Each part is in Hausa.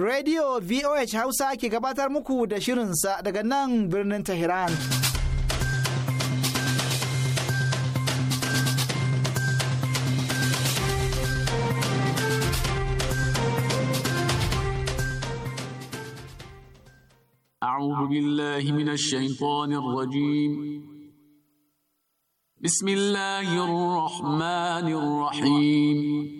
Radio VOH Hausa ke gabatar muku da shirin sa daga nan birnin Tehran. A'udhu billahi minash shaitanir rajim. Bismillahirrahmanirrahim. Bismillahirrahmanirrahim.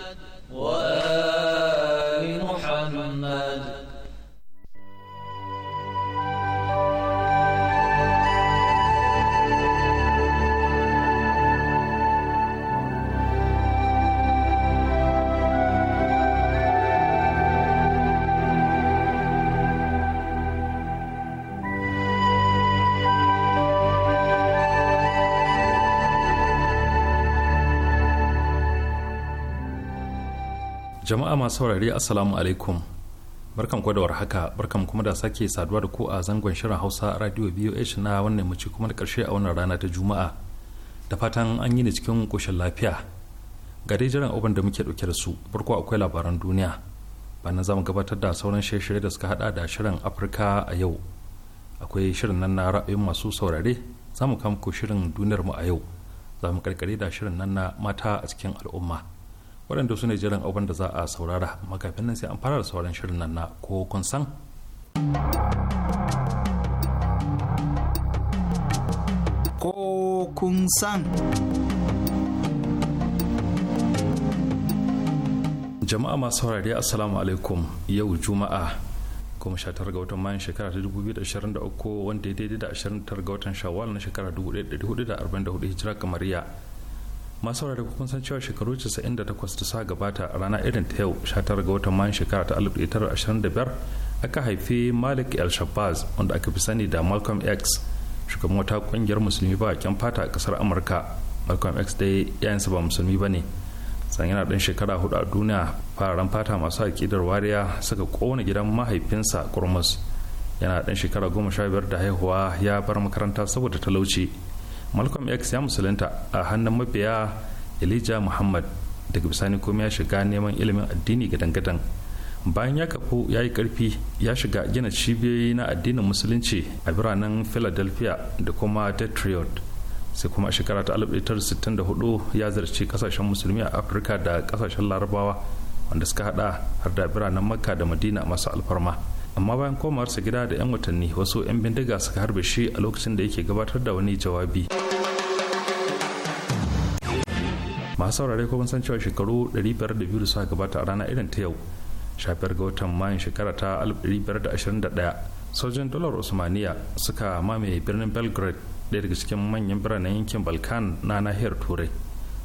jama'a masu saurari assalamu alaikum barkan ku da warhaka barkan kuma da sake saduwa da ku a zangon shirin hausa radio voh na wannan mace kuma da karshe a wannan rana ta juma'a da fatan an yi ni cikin koshin lafiya ga dai jiran abin da muke dauke da su farko akwai labaran duniya bana za mu gabatar da sauran shirye-shirye da suka hada da shirin afirka a yau akwai shirin nan na ra'ayin masu saurare za mu kama shirin duniyar mu a yau za mu karkare da shirin nan na mata a cikin al'umma waɗanda su ne jiran abin da za a saurara makafin nan sai an fara da sauran shirin nan na ko kun san ko kun san jama'a masu saurari assalamu alaikum yau juma'a kuma tara ga watan mayan shekara ta dubu biyu da da ashirin uku wanda ya daidai da ashirin tara ga watan shawal na shekara dubu da da da arba'in hudu hijira ya. masu saurare kun san cewa shekaru 98 da sa gabata a rana irin ta yau 19 ga watan mayan shekara ta 1925 aka haifi malik el shabazz wanda aka fi sani da malcolm x shugaban wata kungiyar musulmi ba kyan fata a kasar amurka malcolm x dai yayinsa ba musulmi ba ne san yana dan shekara hudu a duniya fararen fata masu aƙidar wariya suka kona gidan mahaifinsa kurmus yana dan shekara goma sha biyar da haihuwa ya bar makaranta saboda talauci malcolm x ya musulunta a hannun mabiya elijah muhammad daga bisani kuma ya shiga neman ilimin addini gadan-gadan bayan ya kafu ya yi karfi ya shiga gina cibiyoyi na addinin musulunci a biranen philadelphia da kuma detroit sai kuma a shekara ta 1964 ya zarci kasashen musulmi a afirka da kasashen larabawa wanda suka hada har da biranen makka da madina masu alfarma amma bayan komawarsa gida da 'yan watanni wasu 'yan bindiga suka harbe shi a lokacin da yake gabatar da wani jawabi masu saurare kuma san cewa shekaru 500 da suka gabata a rana irin ta yau shafiyar ga watan mayun shekara ta 1521 sojin dolar osmaniya suka mamaye birnin belgrade daya daga cikin manyan biranen yankin balkan na nahiyar turai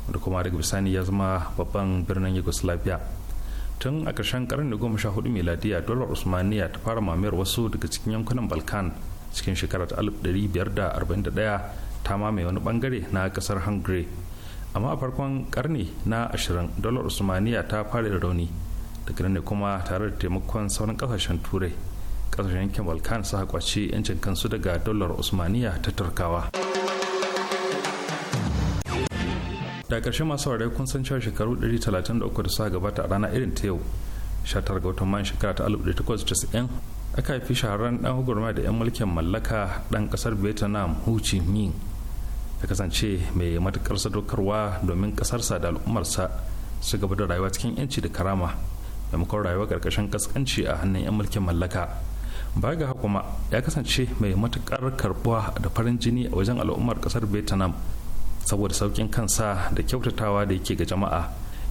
wanda kuma daga bisani ya zama babban birnin yugoslavia tun a ƙarshen ƙarni da goma sha hudu miladiya dolar usmaniya ta fara mamayar wasu daga cikin yankunan balkan cikin shekarar 1541 ta mamaye wani bangare na ƙasar hungary amma a farkon ƙarni na ashirin dolar usmaniya ta fara da rauni daga nan ne kuma tare da taimakon sauran ƙasashen turai ƙasashen yankin balkan su kwace 'yancin kansu daga dolar usmaniya ta turkawa. da ƙarshe masu ware kun san cewa shekaru 133 da suka gabata a rana irin ta yau 19 ga watan mayan shekara ta 1890 aka haifi shahararren dan gwagwarmaya da 'yan mulkin mallaka dan kasar vietnam hu chi minh ya kasance mai matukar sadaukarwa domin kasarsa da al'ummarsa su gaba da rayuwa cikin yanci da karama maimakon rayuwa karkashin kaskanci a hannun 'yan mulkin mallaka ba ga kuma ya kasance mai matukar karbuwa da farin jini a wajen al'ummar kasar vietnam saboda saukin kansa da kyautatawa da yake ga jama'a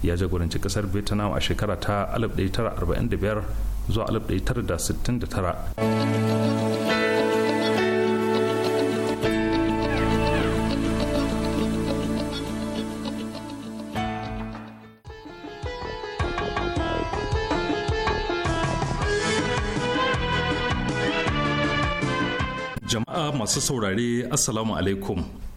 ya jagoranci ƙasar vietnam a shekara ta 1945 zuwa 1969 jama'a masu saurare assalamu alaikum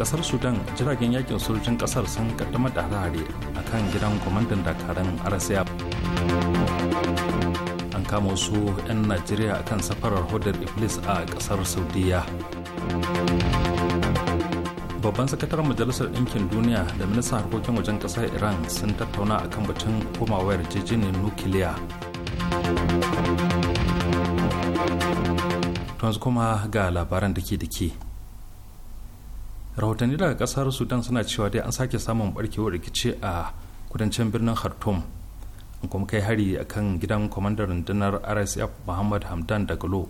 kasar sudan jiragen yakin sojojin kasar sun kaddama da hare a kan gidan kwamandan dakarun rsf an kama wasu 'yan najeriya a kan safarar hudar iblis a kasar saudiya babban sakataren majalisar ɗinkin duniya da ministan harkokin wajen ƙasar iran sun tattauna a kan batun komawa yarjejeniyar nukiliya yanzu kuma ga labaran da ke da ke rahotanni daga kasar sudan suna cewa dai an sake samun barkewar rikici a kudancin birnin khartoum an kuma kai hari a kan gidan kwamandar rundunar rsf muhammad hamdan galo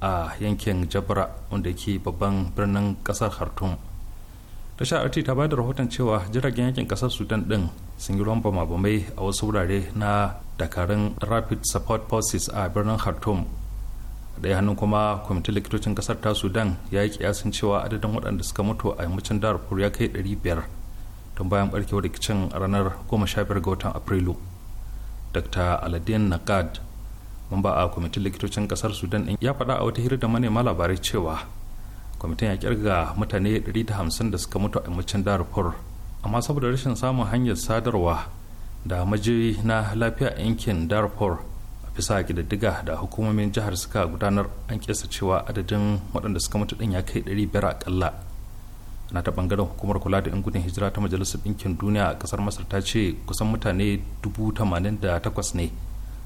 a yankin jabra wanda ke babban birnin kasar khartoum sha rt ta bada rahoton cewa jiragen yakin kasar sudan din sun yi ruwan mabamai a wasu wurare na dakarun rapid support forces a birnin khartoum daya hannun kuma kwamitin likitocin kasar ta sudan ya yi kiyasin cewa adadin waɗanda suka mutu a yammacin darfur ya kai 500 tun bayan barkewar rikicin goma ranar 15 ga watan afrilu dr aladdin nagad mamba a kwamitin likitocin kasar sudan ɗin ya faɗa a wata hira da manema labarai cewa kwamitin ya kirga mutane 150 da suka mutu a yammacin darfur amma saboda rashin samun hanyar sadarwa da majiyoyi na lafiya yankin darfur bisa ƙididdiga da hukumomin jihar suka gudanar an kesa cewa adadin waɗanda suka mutu ɗin ya kai ɗari 500 ƙalla na ta bangaren hukumar kula da 'yan gudun hijira ta majalisar ɗinkin duniya a ƙasar masar ta ce kusan mutane da 88,000 ne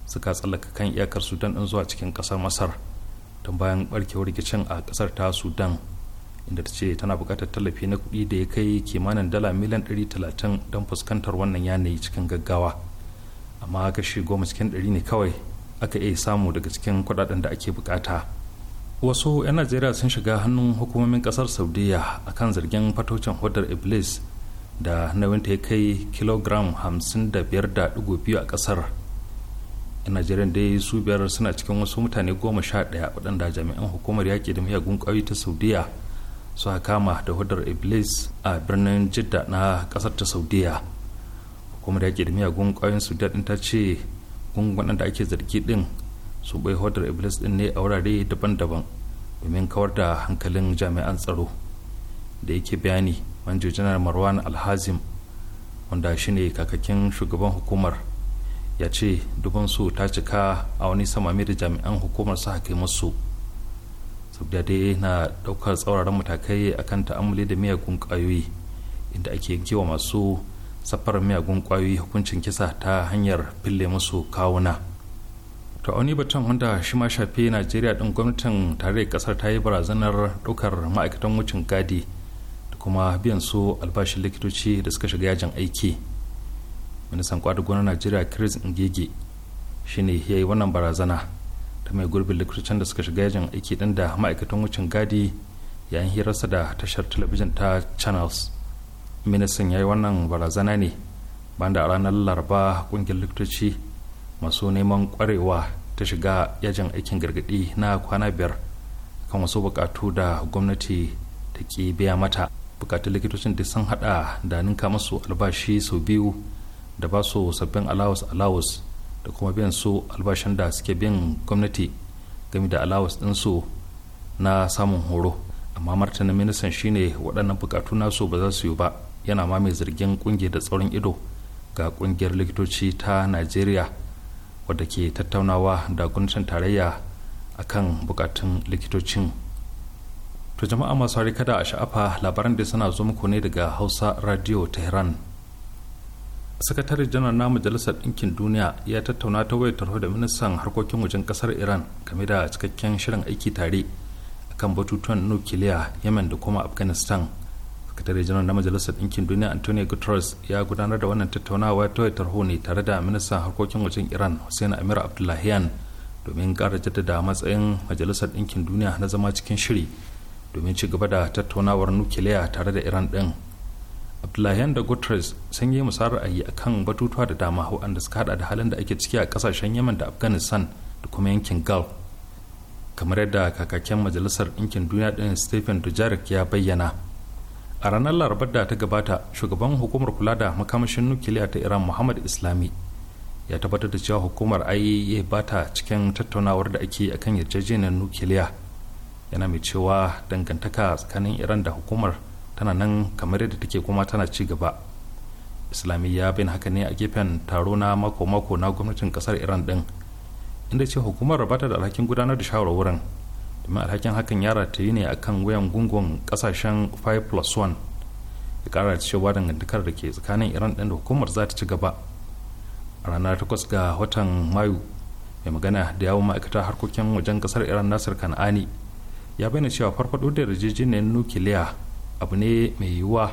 suka tsallaka kan iyakar sudan ɗin zuwa cikin ƙasar masar don bayan ɓarkewar rikicin a ƙasar ta sudan inda ta ce tana buƙatar tallafi na kuɗi da ya kai kimanin dala miliyan talatin don fuskantar wannan yanayi cikin gaggawa amma kashi goma cikin ɗari ne kawai aka iya samu daga cikin kudaden da ake bukata wasu 'yan najeriya sun shiga hannun hukumomin kasar saudiya kan zargin fatocin hodar iblis da nauyinta ya kai kilogram 55.2 a kasar yan najeriya dai su biyar suna cikin wasu mutane goma sha ɗaya waɗanda jami'an hukumar yaƙi da miyagun ƙauye ta saudiya su kama da hudar iblis a birnin jidda na kasar ta saudiya hukumar yaƙi da miyagun ƙauyen saudiya ɗin ta ce gungun da ake zargi din su bai hodar iblis din ne a wurare daban-daban domin kawar da hankalin jami'an tsaro da yake bayani manjo janar marwan alhazim wanda shi ne kakakin shugaban hukumar ya ce su ta cika a wani samami da jami'an hukumar su kai musu saboda dai na ɗaukar tsauraran matakai akan ta'amuli da miyagun ƙwayoyi inda ake yankewa masu safarar miyagun kwayoyi hukuncin kisa ta hanyar fille musu kawuna ta wani batun wanda shi ma shafi najeriya din gwamnatin tare da kasar ta yi barazanar ɗaukar ma'aikatan wucin gadi da kuma biyan su albashin likitoci da suka shiga yajin aiki ministan kwadu gona najeriya chris ngege shine ya yi wannan barazana ta mai gurbin likitocin da suka shiga yajin aiki din da ma'aikatan wucin gadi yayin hirarsa da tashar talabijin ta channels ministan ya yi wannan barazana ne banda a ranar laraba kungiyar likitoci masu neman kwarewa ta shiga yajin aikin gargadi na kwana biyar kan wasu bukatu da gwamnati ta ki biya mata bukatun likitocin da sun hada da ninka masu albashi sau biyu da ba su sabbin alawas alawus da kuma biyan su albashin da suke biyan gwamnati game da alawas ɗinsu na samun horo amma martanin ministan shine waɗannan bukatu nasu ba za su yi ba yana ma mai zargin kungiyar da tsaurin ido ga kungiyar likitoci ta najeriya wadda ke tattaunawa da gwamnatin tarayya akan bukatun likitocin to jama'a masu kada a sha'afa labaran da suna zo muku ne daga hausa radio tehran sakatare janar na majalisar ɗinkin duniya ya tattauna ta wayar tarho da ministan harkokin wajen ƙasar iran game da cikakken shirin aiki tare akan batutuwan nukiliya yemen da kuma afghanistan sakatare janar na majalisar ɗinkin duniya antonio guterres ya gudanar da wannan tattaunawa ta tarho ne tare da ministan harkokin wajen iran hussein amir abdullahian domin ƙara jaddada matsayin majalisar ɗinkin duniya na zama cikin shiri domin ci gaba da tattaunawar nukiliya tare da iran ɗin abdullahian da guterres sun yi musayar ra'ayi kan batutuwa da dama waɗanda suka haɗa da halin da ake ciki a ƙasashen yemen da afghanistan da kuma yankin gulf kamar yadda kakakken majalisar ɗinkin duniya ɗin stephen dujarik ya bayyana a ranar larabar da ta gabata shugaban hukumar kula da makamashin nukiliya ta iran muhammad islami ya tabbatar da cewa hukumar iaea e ba ta cikin tattaunawar da ake akan yarjejeniyar nukiliya yana mai cewa dangantaka tsakanin iran da hukumar tana nan kamar yadda take kuma tana ci gaba islami ya bin haka ne a gefen taro na mako-mako na gwamnatin kasar iran din inda ce hukumar bata da alhakin gudanar da shawarwarin domin alhakin hakan ya rataye ne akan wuyan gungun kasashen 5 plus 1 ya kara cewa dangantakar da ke tsakanin iran ɗin da hukumar za ta ci gaba a ranar 8 ga watan mayu mai magana da yawon ma'aikata harkokin wajen kasar iran nasir kan'ani ya bayyana cewa farfaɗo da yarjejeniyar nukiliya abu ne mai yiwuwa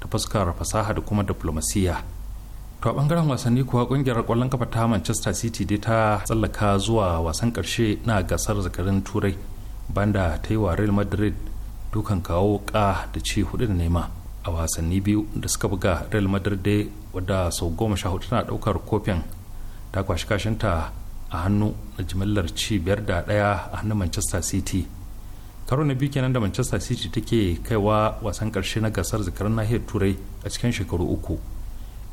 ta fuskar fasaha da kuma diplomasiya to a bangaren wasanni kuwa kungiyar kwallon kafa ta manchester city dai ta tsallaka zuwa wasan karshe na gasar zakarin turai banda ta yi wa real madrid dukan kawo ka da ci hudu da nema a wasanni biyu da suka buga real madrid dai wadda sau goma sha hudu tana daukar kofin ta kwashi kashinta a hannu na jimillar ci biyar da daya a hannun manchester city karo na biyu kenan da manchester city take kaiwa wasan karshe na gasar zakarar nahiyar turai a cikin shekaru uku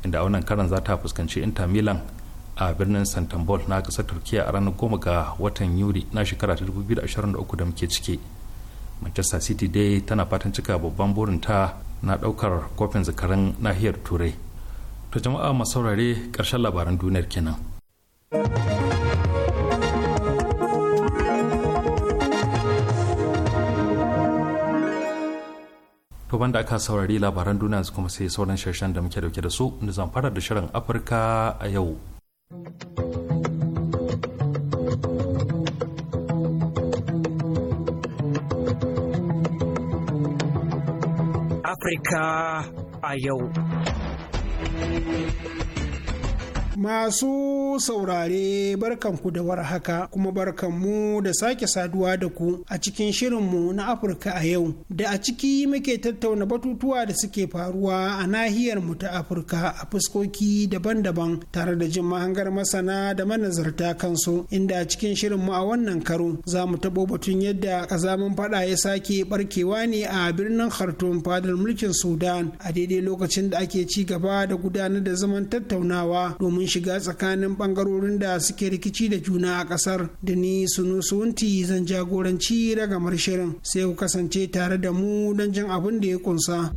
inda a wannan karan za ta fuskanci inter milan a birnin santambol na kasar turkiya a ranar goma ga watan yuli na shekara ta 2023 da muke ciki manchester city dai tana fatan cika babban burin ta na daukar kofin zakaran nahiyar turai to jama'a masu saurare karshen labaran duniyar kenan to banda aka saurari labaran duniya kuma sai sauran shirshen da muke dauke da su inda zan fara da shirin afirka a yau Afirka a yau. Masu saurare barkan ku da war haka kuma barkanmu da sake saduwa da ku a cikin shirin mu na Afirka a yau da a ciki muke tattauna batutuwa da suke faruwa a nahiyar mu ta Afirka a fuskoki daban-daban tare da jin mahangar masana da manazarta kansu inda a cikin mu a wannan karo za mu tabo batun yadda kazamin fada ya sake barkewa ne a birnin Khartoum fadar mulkin Sudan a daidai lokacin da ake ci gaba da gudanar da zaman tattaunawa domin shiga tsakanin bangarorin da suke rikici da juna a kasar da ni sunu suwunti zan jagoranci ragamar shirin sai ku kasance tare da mu don jin abin da ya kunsa.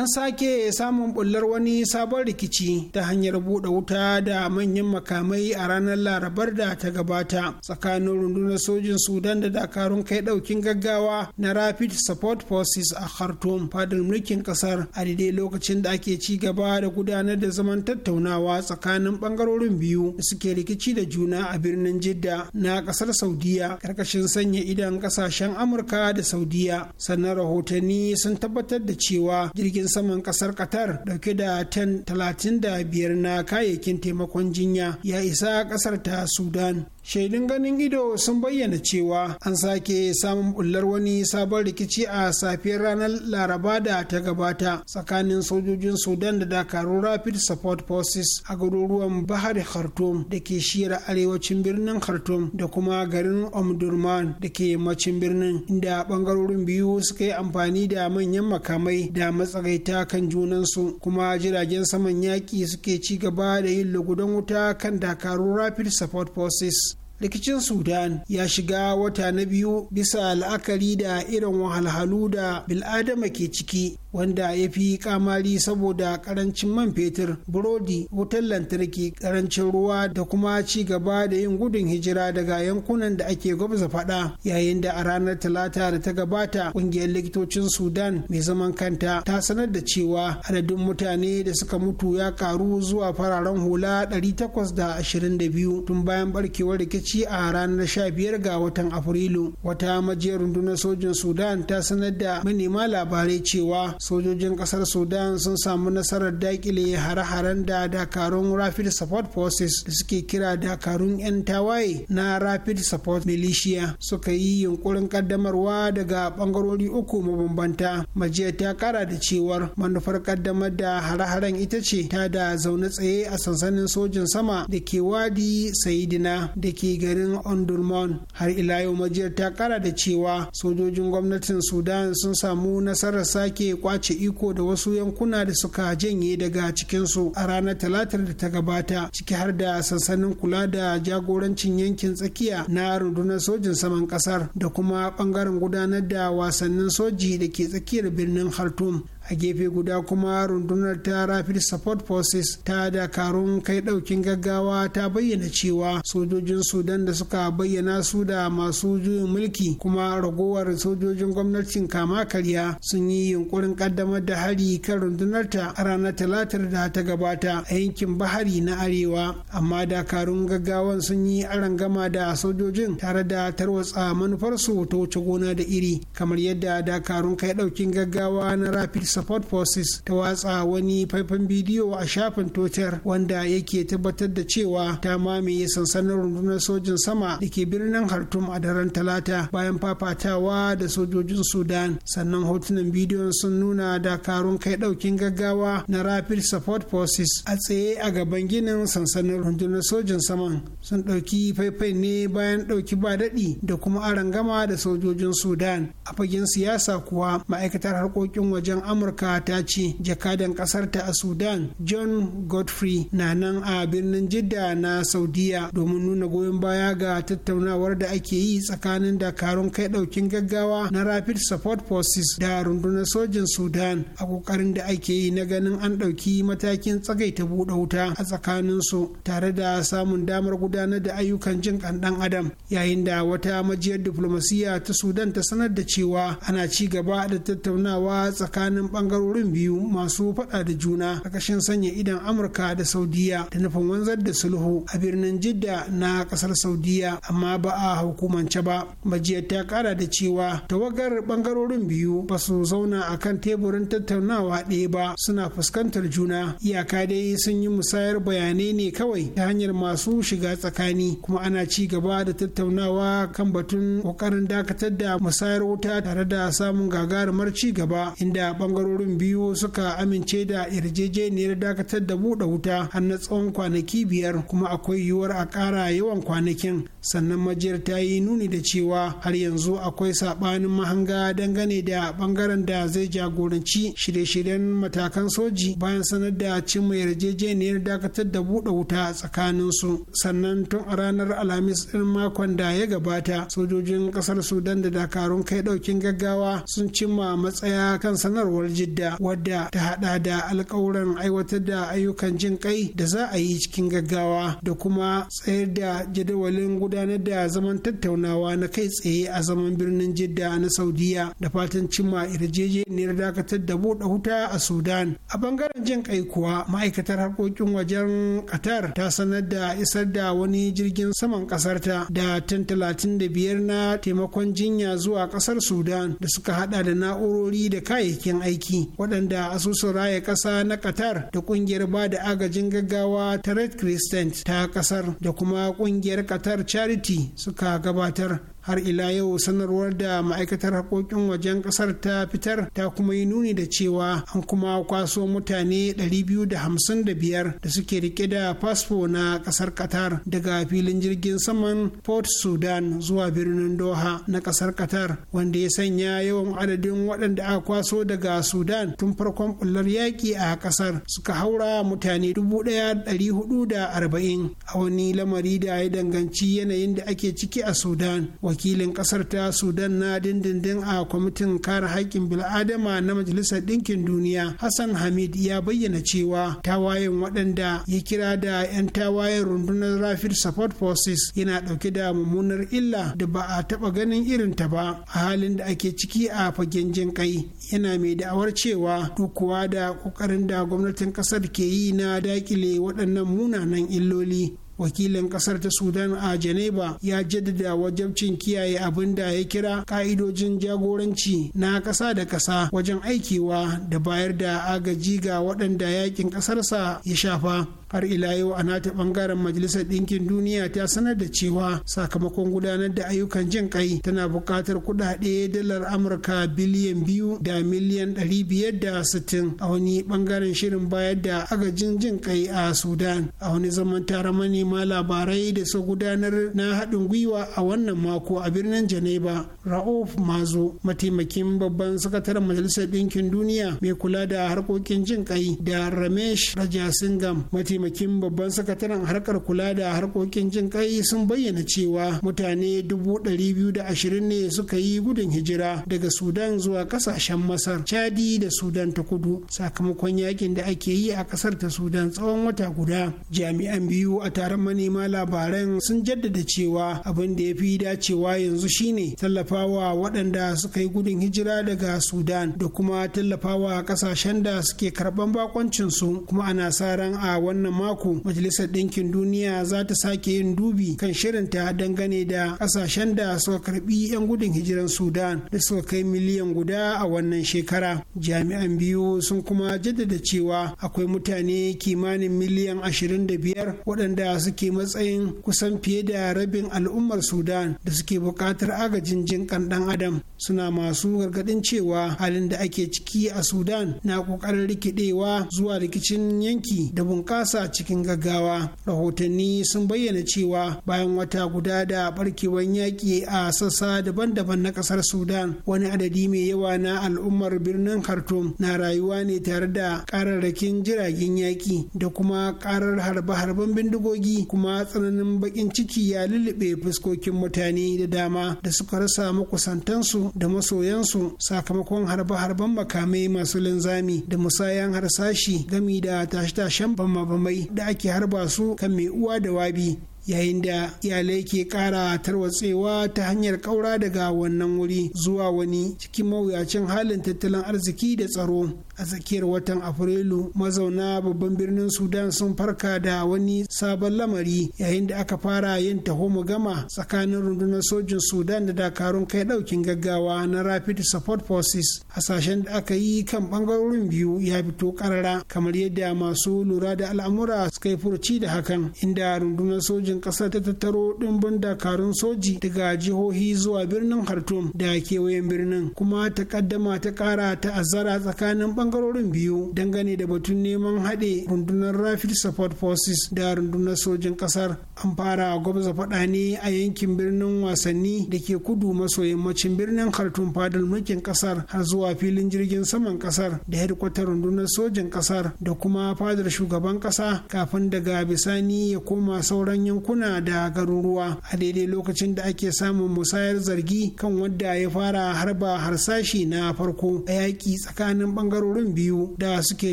an sake samun bullar wani sabon rikici ta hanyar buɗe wuta da manyan makamai a ranar larabar da ta gabata tsakanin rundunar sojin sudan da dakarun kai ɗaukin gaggawa na rapid support forces a khartoum fadin mulkin ƙasar a daidai lokacin da ake ci gaba da gudanar da zaman tattaunawa tsakanin ɓangarorin biyu da suke rikici da juna a birnin jidda na ƙasar saudiya ƙarƙashin sanya idan ƙasashen amurka da saudiya sannan rahotanni sun tabbatar da cewa jirgin saman kasar qatar dauke da tan 35 na kayayyakin taimakon jinya ya isa kasar ta sudan shaidun ganin ido sun bayyana cewa an sake samun bullar wani sabon rikici a safiyar ranar laraba da ta gabata tsakanin sojojin sudan da dakarun rapid support forces a garuruwan bahar khartoum da ke shira arewacin birnin khartoum da kuma garin omdurman da ke macin birnin inda bangarorin biyu suka yi amfani da manyan makamai da matsagaita kan junansu kuma jiragen saman yaƙi suke ci gaba da yin lugudan wuta kan dakarun rapid support forces rikicin sudan ya shiga wata na biyu bisa la'akari da irin wahalhalu da bil'adama ke ciki wanda ya fi kamari saboda karancin man fetur burodi wutar lantarki karancin ruwa da kuma ci gaba da yin gudun hijira daga yankunan da ake gwabza fada yayin da a ranar talata da ta gabata kungiyar likitocin sudan mai zaman kanta ta sanar da cewa adadin mutane da suka mutu ya karu zuwa fararen hula 822 tun bayan barkewar rikici a ranar 15 ga watan afrilu wata majiyar rundunar sojin sudan ta sanar da manema labarai cewa sojojin kasar sudan sun samu nasarar dakile hare-haren da dakarun rapid support forces da suke kira dakarun 'yan tawaye na rapid support militia suka yi yunkurin kaddamarwa daga bangarori uku mabambanta majiya ta kara da cewar manufar kaddamar da hare-haren ita ce ta da zaune tsaye a sansanin sojin sama da ke wadi saidina da ke garin ondulmon har ila yau majiyar ta kara da cewa sojojin gwamnatin sudan sun samu nasarar sake kwace iko da wasu yankuna da suka janye daga cikinsu a ranar talatar da ta gabata ciki har da sansanin kula da jagorancin yankin tsakiya na rundunar sojin saman kasar da kuma bangaren gudanar da wasannin soji da ke tsakiyar birnin khartoum a gefe guda kuma rundunar ta rapid support forces ta dakarun kai daukin gaggawa ta bayyana cewa sojojin sudan da suka bayyana su da masu juyin mulki kuma ragowar sojojin gwamnatin kama karya sun yi yunkurin kaddamar da hari kan rundunar ta a ranar talatar da ta gabata a yankin bahari na arewa amma dakarun gaggawan sun yi arangama da sojojin tare da tarwatsa manufarsu ta wuce gona da iri kamar yadda dakarun kai daukin gaggawa na rapid support forces ta watsa wani faifan bidiyo a shafin twitter wanda yake tabbatar da cewa ta mamaye sansanin rundunar sojin sama da ke birnin hartum a daren talata bayan fafatawa da sojojin sudan sannan hotunan bidiyon sun nuna dakarun kai daukin gaggawa na rapid support forces a tsaye a gaban ginin sansanin rundunar sojin saman sun ɗauki faifai ne bayan ɗauki ba daɗi da kuma arangama da sojojin sudan a fagen siyasa kuwa ma'aikatar harkokin wajen amurka amurka ta ce jakadan ƙasarta a sudan john godfrey na nan a birnin jidda na saudiya domin nuna goyon baya ga tattaunawar da ake yi tsakanin dakarun kai ɗaukin gaggawa na rapid support forces da rundunar sojin sudan a ƙoƙarin da ake yi na ganin an ɗauki matakin tsagaita buɗe wuta a tsakaninsu tare da samun damar gudanar da ayyukan jin kan ɗan adam yayin da wata majiyar diflomasiyya ta sudan ta sanar da cewa ana ci gaba da tattaunawa tsakanin bangarorin biyu masu faɗa da juna a kashin sanya idan amurka da saudiya da nufin wanzar da sulhu a birnin jidda na ƙasar saudiya amma ba a hukumance ba majiyar ta ƙara da cewa tawagar bangarorin biyu ba su zauna a kan teburin tattaunawa ɗaya ba suna fuskantar juna iyaka dai sun yi musayar bayanai ne kawai ta hanyar masu shiga tsakani kuma ana ci gaba da tattaunawa kan batun kokarin dakatar da musayar wuta tare da samun gagarumar ci gaba inda bangarorin bangarorin biyu suka amince da yarjejeniyar dakatar da buɗe wuta har na tsawon kwanaki biyar kuma akwai yiwuwar a ƙara yawan kwanakin sannan majiyar ta yi nuni da cewa har yanzu akwai saɓanin mahanga dangane da bangaren da zai jagoranci shirye-shiryen matakan soji bayan sanar da cimma yarjejeniyar dakatar da buɗe wuta tsakanin su sannan tun a ranar alhamis ɗin makon da ya gabata sojojin ƙasar sudan da dakarun kai ɗaukin gaggawa sun cimma matsaya kan sanarwar jidda wadda ta hada da alkawuran aiwatar da ayyukan jin kai da za a yi cikin gaggawa da kuma tsayar da jadawalin gudanar da zaman tattaunawa na kai tsaye a zaman birnin jidda na saudiya da fatan cimma yarjejeniyar dakatar da buɗe wuta a sudan a bangaren jin kai kuwa ma'aikatar harkokin wajen qatar ta sanar da isar da wani jirgin saman ƙasarta da tun talatin da biyar na taimakon jinya zuwa kasar sudan da suka hada da na'urori da kayayyakin aiki aiki waɗanda asusun raya ƙasa na qatar da ƙungiyar ba da agajin gaggawa ta red crescent ta ƙasar da kuma ƙungiyar qatar charity suka gabatar har ila yau sanarwar da ma'aikatar harkokin wajen ƙasar ta fitar ta kuma yi nuni da cewa an kuma kwaso mutane 255 da suke rike da fasfo na ƙasar qatar daga filin jirgin saman port sudan zuwa birnin doha na ƙasar qatar wanda ya sanya yawan adadin waɗanda aka kwaso daga sudan tun farkon bullar yaƙi a ƙasar suka haura mutane 1440 a wani lamari da ya danganci yanayin da ake ciki a sudan wakilin kasar ta sudan na dindindin a kwamitin kare haƙƙin bil'adama na majalisar ɗinkin duniya hassan hamid ya bayyana cewa tawayen waɗanda ya kira da 'yan tawayen rundunar rafid support forces yana ɗauke da mummunar illa da ba a taɓa ganin irin ta ba a halin da ake ciki a fagen jin kai yana mai da'awar cewa dukuwa da ƙoƙarin da gwamnatin ƙasar ke yi na daƙile waɗannan munanan illoli wakilin kasar ta sudan a geneva ya jaddada wajabcin kiyaye abin da ya kira ka'idojin jagoranci na kasa da kasa wajen aikewa da bayar da agaji ga waɗanda yakin ƙasarsa ya shafa har ila yau a nata bangaren majalisar ɗinkin duniya ta sanar da cewa sakamakon gudanar da ayyukan jin kai tana buƙatar kuɗaɗe dalar amurka biliyan biyu da miliyan ɗari biyar da sittin a wani bangaren shirin bayar da agajin jin kai a sudan a wani zaman tara manema manema labarai da su gudanar na haɗin gwiwa a wannan mako a birnin Janeba, Ra'uf Mazo, mataimakin babban sakataren Majalisar Ɗinkin Duniya mai kula da harkokin jin kai da Ramesh Rajasingam, mataimakin babban sakataren harkar kula da harkokin jin ƙai sun bayyana cewa mutane dubu ɗari biyu da ashirin ne suka yi gudun hijira daga Sudan zuwa ƙasashen Masar, Chadi da Sudan ta kudu sakamakon yakin da ake yi a ƙasar ta Sudan tsawon wata guda. Jami'an biyu a taron manema labaran sun jaddada cewa abin da ya fi dacewa yanzu shine tallafawa waɗanda suka yi gudun hijira daga sudan da kuma tallafawa ƙasashen da suke karɓan bakoncinsu kuma ana sa a wannan mako majalisar ɗinkin duniya za ta sake yin dubi kan shirinta dangane da ƙasashen da suka karɓi 'yan gudun hijiran sudan da suka kai miliyan guda a wannan shekara jami'an biyu sun kuma jaddada cewa akwai mutane kimanin miliyan 25 waɗanda suke matsayin kusan fiye da rabin al'ummar sudan da suke buƙatar agajin jinƙan ɗan adam suna masu gargaɗin cewa halin da ake ciki a sudan na ƙoƙarin rikidewa zuwa rikicin yanki da bunƙasa cikin gaggawa rahotanni sun bayyana cewa bayan wata guda da barkewar yaƙi a sassa daban-daban na ƙasar sudan wani adadi mai yawa na al'ummar birnin khartoum na rayuwa ne tare da ƙararrakin jiragen yaƙi da kuma ƙarar harbe-harben bindigogi hali kuma tsananin bakin ciki ya lulluɓe fuskokin mutane da dama da suka rasa makusantansu da masoyansu sakamakon harbe-harben makamai masu linzami da musayan harsashi gami da tashe-tashen bama-bamai da ake harba su kan mai uwa da wabi yayin da iyalai ke kara tarwatsewa ta hanyar kaura daga wannan wuri zuwa wani cikin mawuyacin halin tattalin arziki da tsaro a tsakiyar watan afrilu mazauna babban birnin sudan sun farka da wani sabon lamari yayin da aka fara yin taho gama tsakanin rundunar sojin sudan da dakarun kai daukin gaggawa na rapid support forces hasashen da aka yi kan bangarorin biyu ya fito karara kamar yadda masu lura da al'amura suka yi furci da hakan inda rundunar sojin ƙasa ta tattaro ɗimbin dakarun soji daga jihohi zuwa birnin khartoum da kewayen birnin kuma ta takaddama ta ƙara ta'azzara tsakanin bangarorin biyu dangane da batun neman haɗe rundunar rapid support forces da rundunar sojin ƙasar an fara gwamza faɗa ne a yankin birnin wasanni da ke kudu maso yammacin birnin khartoum fadar mulkin ƙasar har zuwa filin jirgin saman ƙasar da hedkwatar rundunar sojin ƙasar da kuma fadar shugaban ƙasa kafin daga bisani ya koma sauran yankuna da garuruwa a daidai lokacin da ake samun musayar zargi kan wadda ya fara harba harsashi na farko a yaƙi tsakanin bangarorin wurin biyu da suke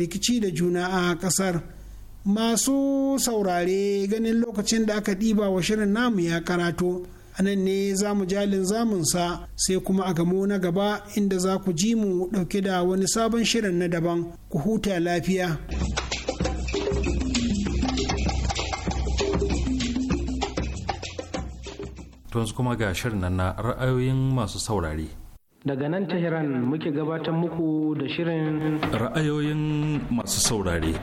rikici da juna a kasar masu saurare ganin lokacin da aka ɗiba wa shirin namu ya karato a nan ne za mu jalin zamunsa sai kuma a gamo na gaba inda za ku ji mu ɗauke da wani sabon shirin na daban ku huta lafiya. yanzu kuma ga shirin na ra'ayoyin masu saurare. Daga nan Tehran muke gabatar muku da shirin ra'ayoyin masu saurare.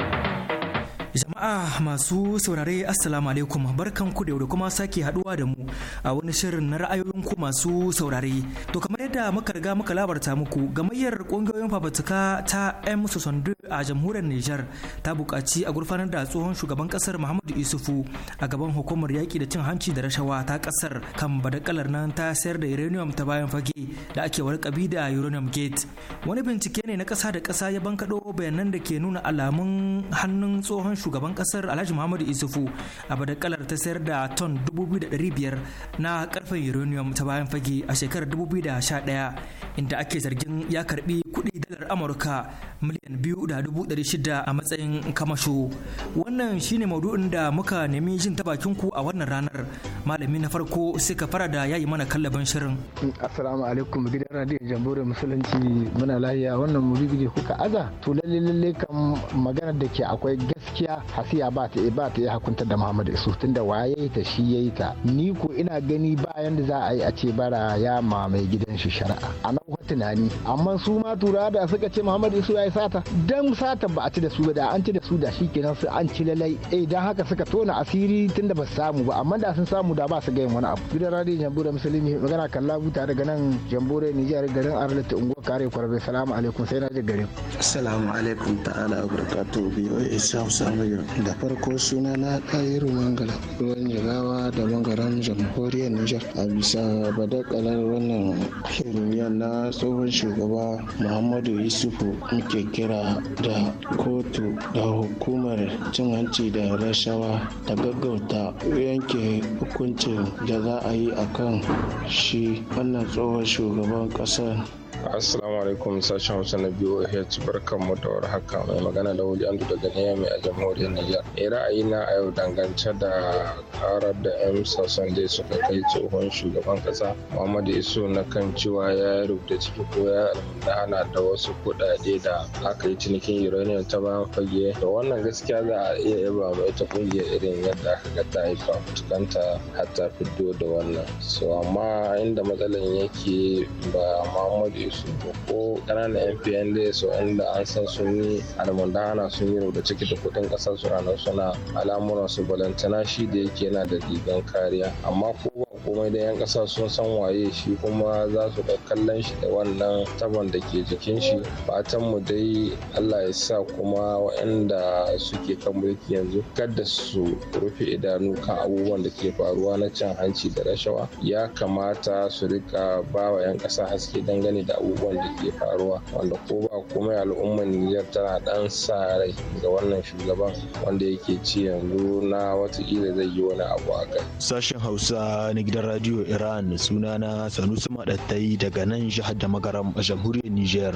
Jama'a masu saurare Assalamu alaikum barkan ku da kuma sake haduwa da mu a wani shirin na ra'ayoyin ku masu saurare. To kamar yadda muka riga muka labarta muku gamayyar kungiyoyin fafutuka ta M 62 a jamhuriyar niger ta buƙaci a gurfanar da tsohon shugaban kasar Muhammadu Isufu a gaban hukumar yaƙi da cin hanci da rashawa ta kasar kan badakalar nan ta sayar da uranium ta bayan fage da ake warkabi da uranium gate. Wani bincike ne na ƙasa da kasa ya bankaɗo bayanan da ke nuna alamun hannun tsohon shugaban kasar alhaji muhammadu isufu a badakalar ta sayar da ton 2,500 na karfen uranium ta bayan fage a shekarar 2011 inda ake zargin ya karbi kudi dalar amurka miliyan biyu da dubu ɗari shida a matsayin kamasho wannan shine maudu'in da muka nemi jin ta bakin ku a wannan ranar malami na farko sai ka fara da yayi mana kallabin shirin assalamu alaikum gidan radio jamhuriyar musulunci muna lahiya wannan muridi da kuka aza to lalle lalle kan maganar da ke akwai gaskiya hasiya ba ta ba ta yi hakunta da muhammadu isu tunda waye ta shi yayi ta ni ko ina gani bayan da za a yi a ce bara ya mamaye gidan shi shari'a a nan tunani amma su ma tura da suka ce muhammadu isu ya sata dan sata ba a ci da su ba da an ci da su da shi kenan su an ci lalai eh dan haka suka tona asiri tunda ba su samu ba amma da sun samu da ba su gayin wani abu gidan radio jamhuriyar musulmi magana kalla buta daga nan jamhuriyar nijar garin arlita unguwar kare kwarbe salamu alaikum sai na ji gare assalamu alaikum ta'ala wa barakatuhu bi wa hausa mai da farko suna na ɗayiru mangala ruwan jigawa da mangaran jamhuriyar nijar a bisa badakalar wannan shirin na tsohon shugaba muhammadu yusufu muke kira da kotu da hukumar cin hanci da rashawa ta gaggauta yanke hukuncin da za a yi akan shi wannan tsohon shugaban ƙasar Assalamu alaikum sashen Hausa na BOH barkan mu da war haka mai magana da wuri Andu daga Niamey a jamhuriyar Nijar. Eh na a yau dangance da karar da M Sassan dai suka kai tsohon shugaban kasa Muhammadu Isu na kan cewa ya rubuta ciki ko ya hana da wasu kuɗaɗe da aka yi cinikin uranium ta bayan fage. Da wannan gaskiya za a iya yaba mai ta kungiyar irin yadda aka ga ta yi fafutukanta hatta fito da wannan. So amma inda matsalan yake ba Muhammadu rike su ko ƙananan yan da su wanda an san sun yi almundana sun yi rubuta ciki da kudin ƙasar su ranar suna al'amuran su balantana shi da yake yana da rigan kariya amma kowa komai da yan ƙasa sun san waye shi kuma za su ga kallon shi da wannan tabon da ke jikin shi fatan mu dai Allah ya sa kuma waɗanda suke kan mulki yanzu kada su rufe idanu kan abubuwan da ke faruwa na cin hanci da rashawa ya kamata su rika ba wa 'yan ƙasa haske dangane da abubuwan da ke faruwa wanda ko ba komai al'ummar Niger tana ɗan sa rai ga wannan shugaban wanda yake ci yanzu na watakila zai yi wani abu a kai. Sashen Hausa na gidan radio iran sunana sanusi maɗattayi daga nan jihar da magaram a jamhuriyar niger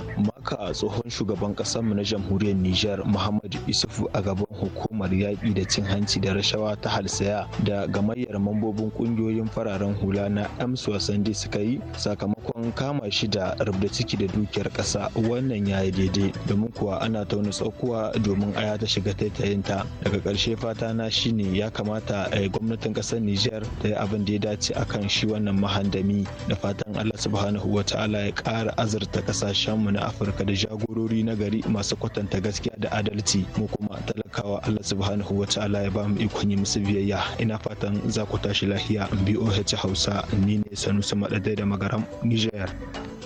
saka tsohon shugaban mu na jamhuriyar Nijar Muhammad Isufu a gaban hukumar yaƙi da cin hanci da rashawa ta halsaya da gamayyar mambobin ƙungiyoyin fararen hula na Ams suka yi sakamakon kama shi da rubda ciki da dukiyar ƙasa wannan ya yi daidai domin kuwa ana tauna tsakuwa domin aya ta shiga taitayinta daga ƙarshe fata na shine ya kamata gwamnatin ƙasar Nijar ta yi abin da ya dace akan shi wannan mahandami da fatan Allah subhanahu wa ta'ala ya ƙara azurta ƙasashenmu na Afirka haka da jagorori na gari masu kwatanta gaskiya da adalci mu kuma talakawa Allah subhanahu wa ta'ala ya ba mu ikon yi musu biyayya ina fatan za ku tashi lahiya BOH Hausa ni ne Sanusi Madadai da Magaram Niger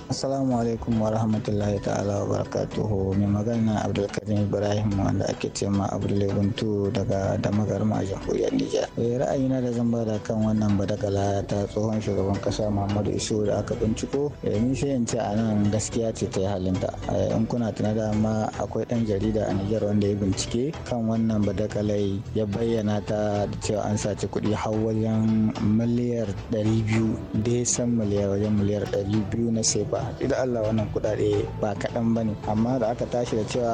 Assalamu alaikum wa rahmatullahi ta'ala wa barakatuhu mai magana Karim Ibrahim wanda ake cema Abdul Guntu daga Damagaram a jamhuriyar Nijar. Eh, ra'ayina da zan bada kan wannan badagala ta tsohon shugaban kasa Muhammadu Isu da aka binciko eh, ni sai in ce a nan gaskiya ce ta yi halinta Eh, in kuna tuna da amma akwai ɗan jarida a Nijar wanda ya bincike kan wannan badakalai ya bayyana ta da cewa an sace kuɗi har wajen miliyar 200 dai san miliyar wajen miliyar 200 na sefa idan Allah wannan kuɗaɗe ba kaɗan ba ne amma da aka tashi da cewa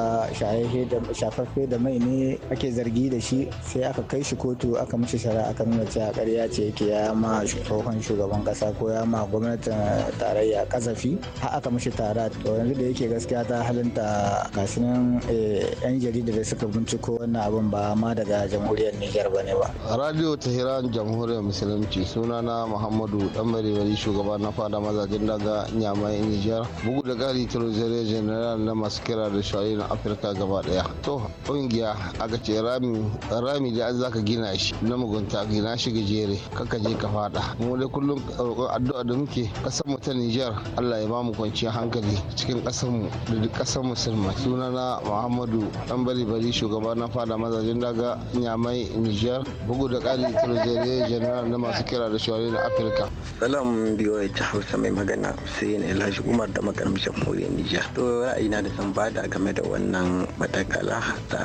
shafaffe da mai ne ake zargi da shi sai aka kai shi kotu aka mishi shari'a aka nuna cewa ƙarya ce yake ya ma tsohon shugaban ƙasa ko ya ma gwamnatin tarayya kasafi har aka mishi tara to yanzu da yake gaskiya ta halinta kasu nan eh, yan jarida da suka binciko wannan abin ba ma daga jamhuriyar Nijar ba ne ba. Radio Tehran jamhuriyar musulunci sunana Muhammadu dan wani shugaba na fada mazajen daga Nyamai Nijar bugu da gari Trezere General na masu kira da shayi na Afirka gaba daya. To kungiya a gace rami rami da an zaka gina shi na mugunta gina shi gajere kaka je ka fada. Mu da kullum roƙon eh, addu'a da muke kasar mu ta Nijar Allah ya ba mu kwanciyar hankali cikin kasar mu da duk musulma sunana muhammadu dan bari bari shugaba na fada mazajin daga nyamai nijar bugu da kari turjeriya general na masu kira da shawarar na afirka salam ya ci hausa mai magana sai na elhaji umar da makarar jamhuriyar nijar to ra'ayina da zan bada game da wannan matakala ta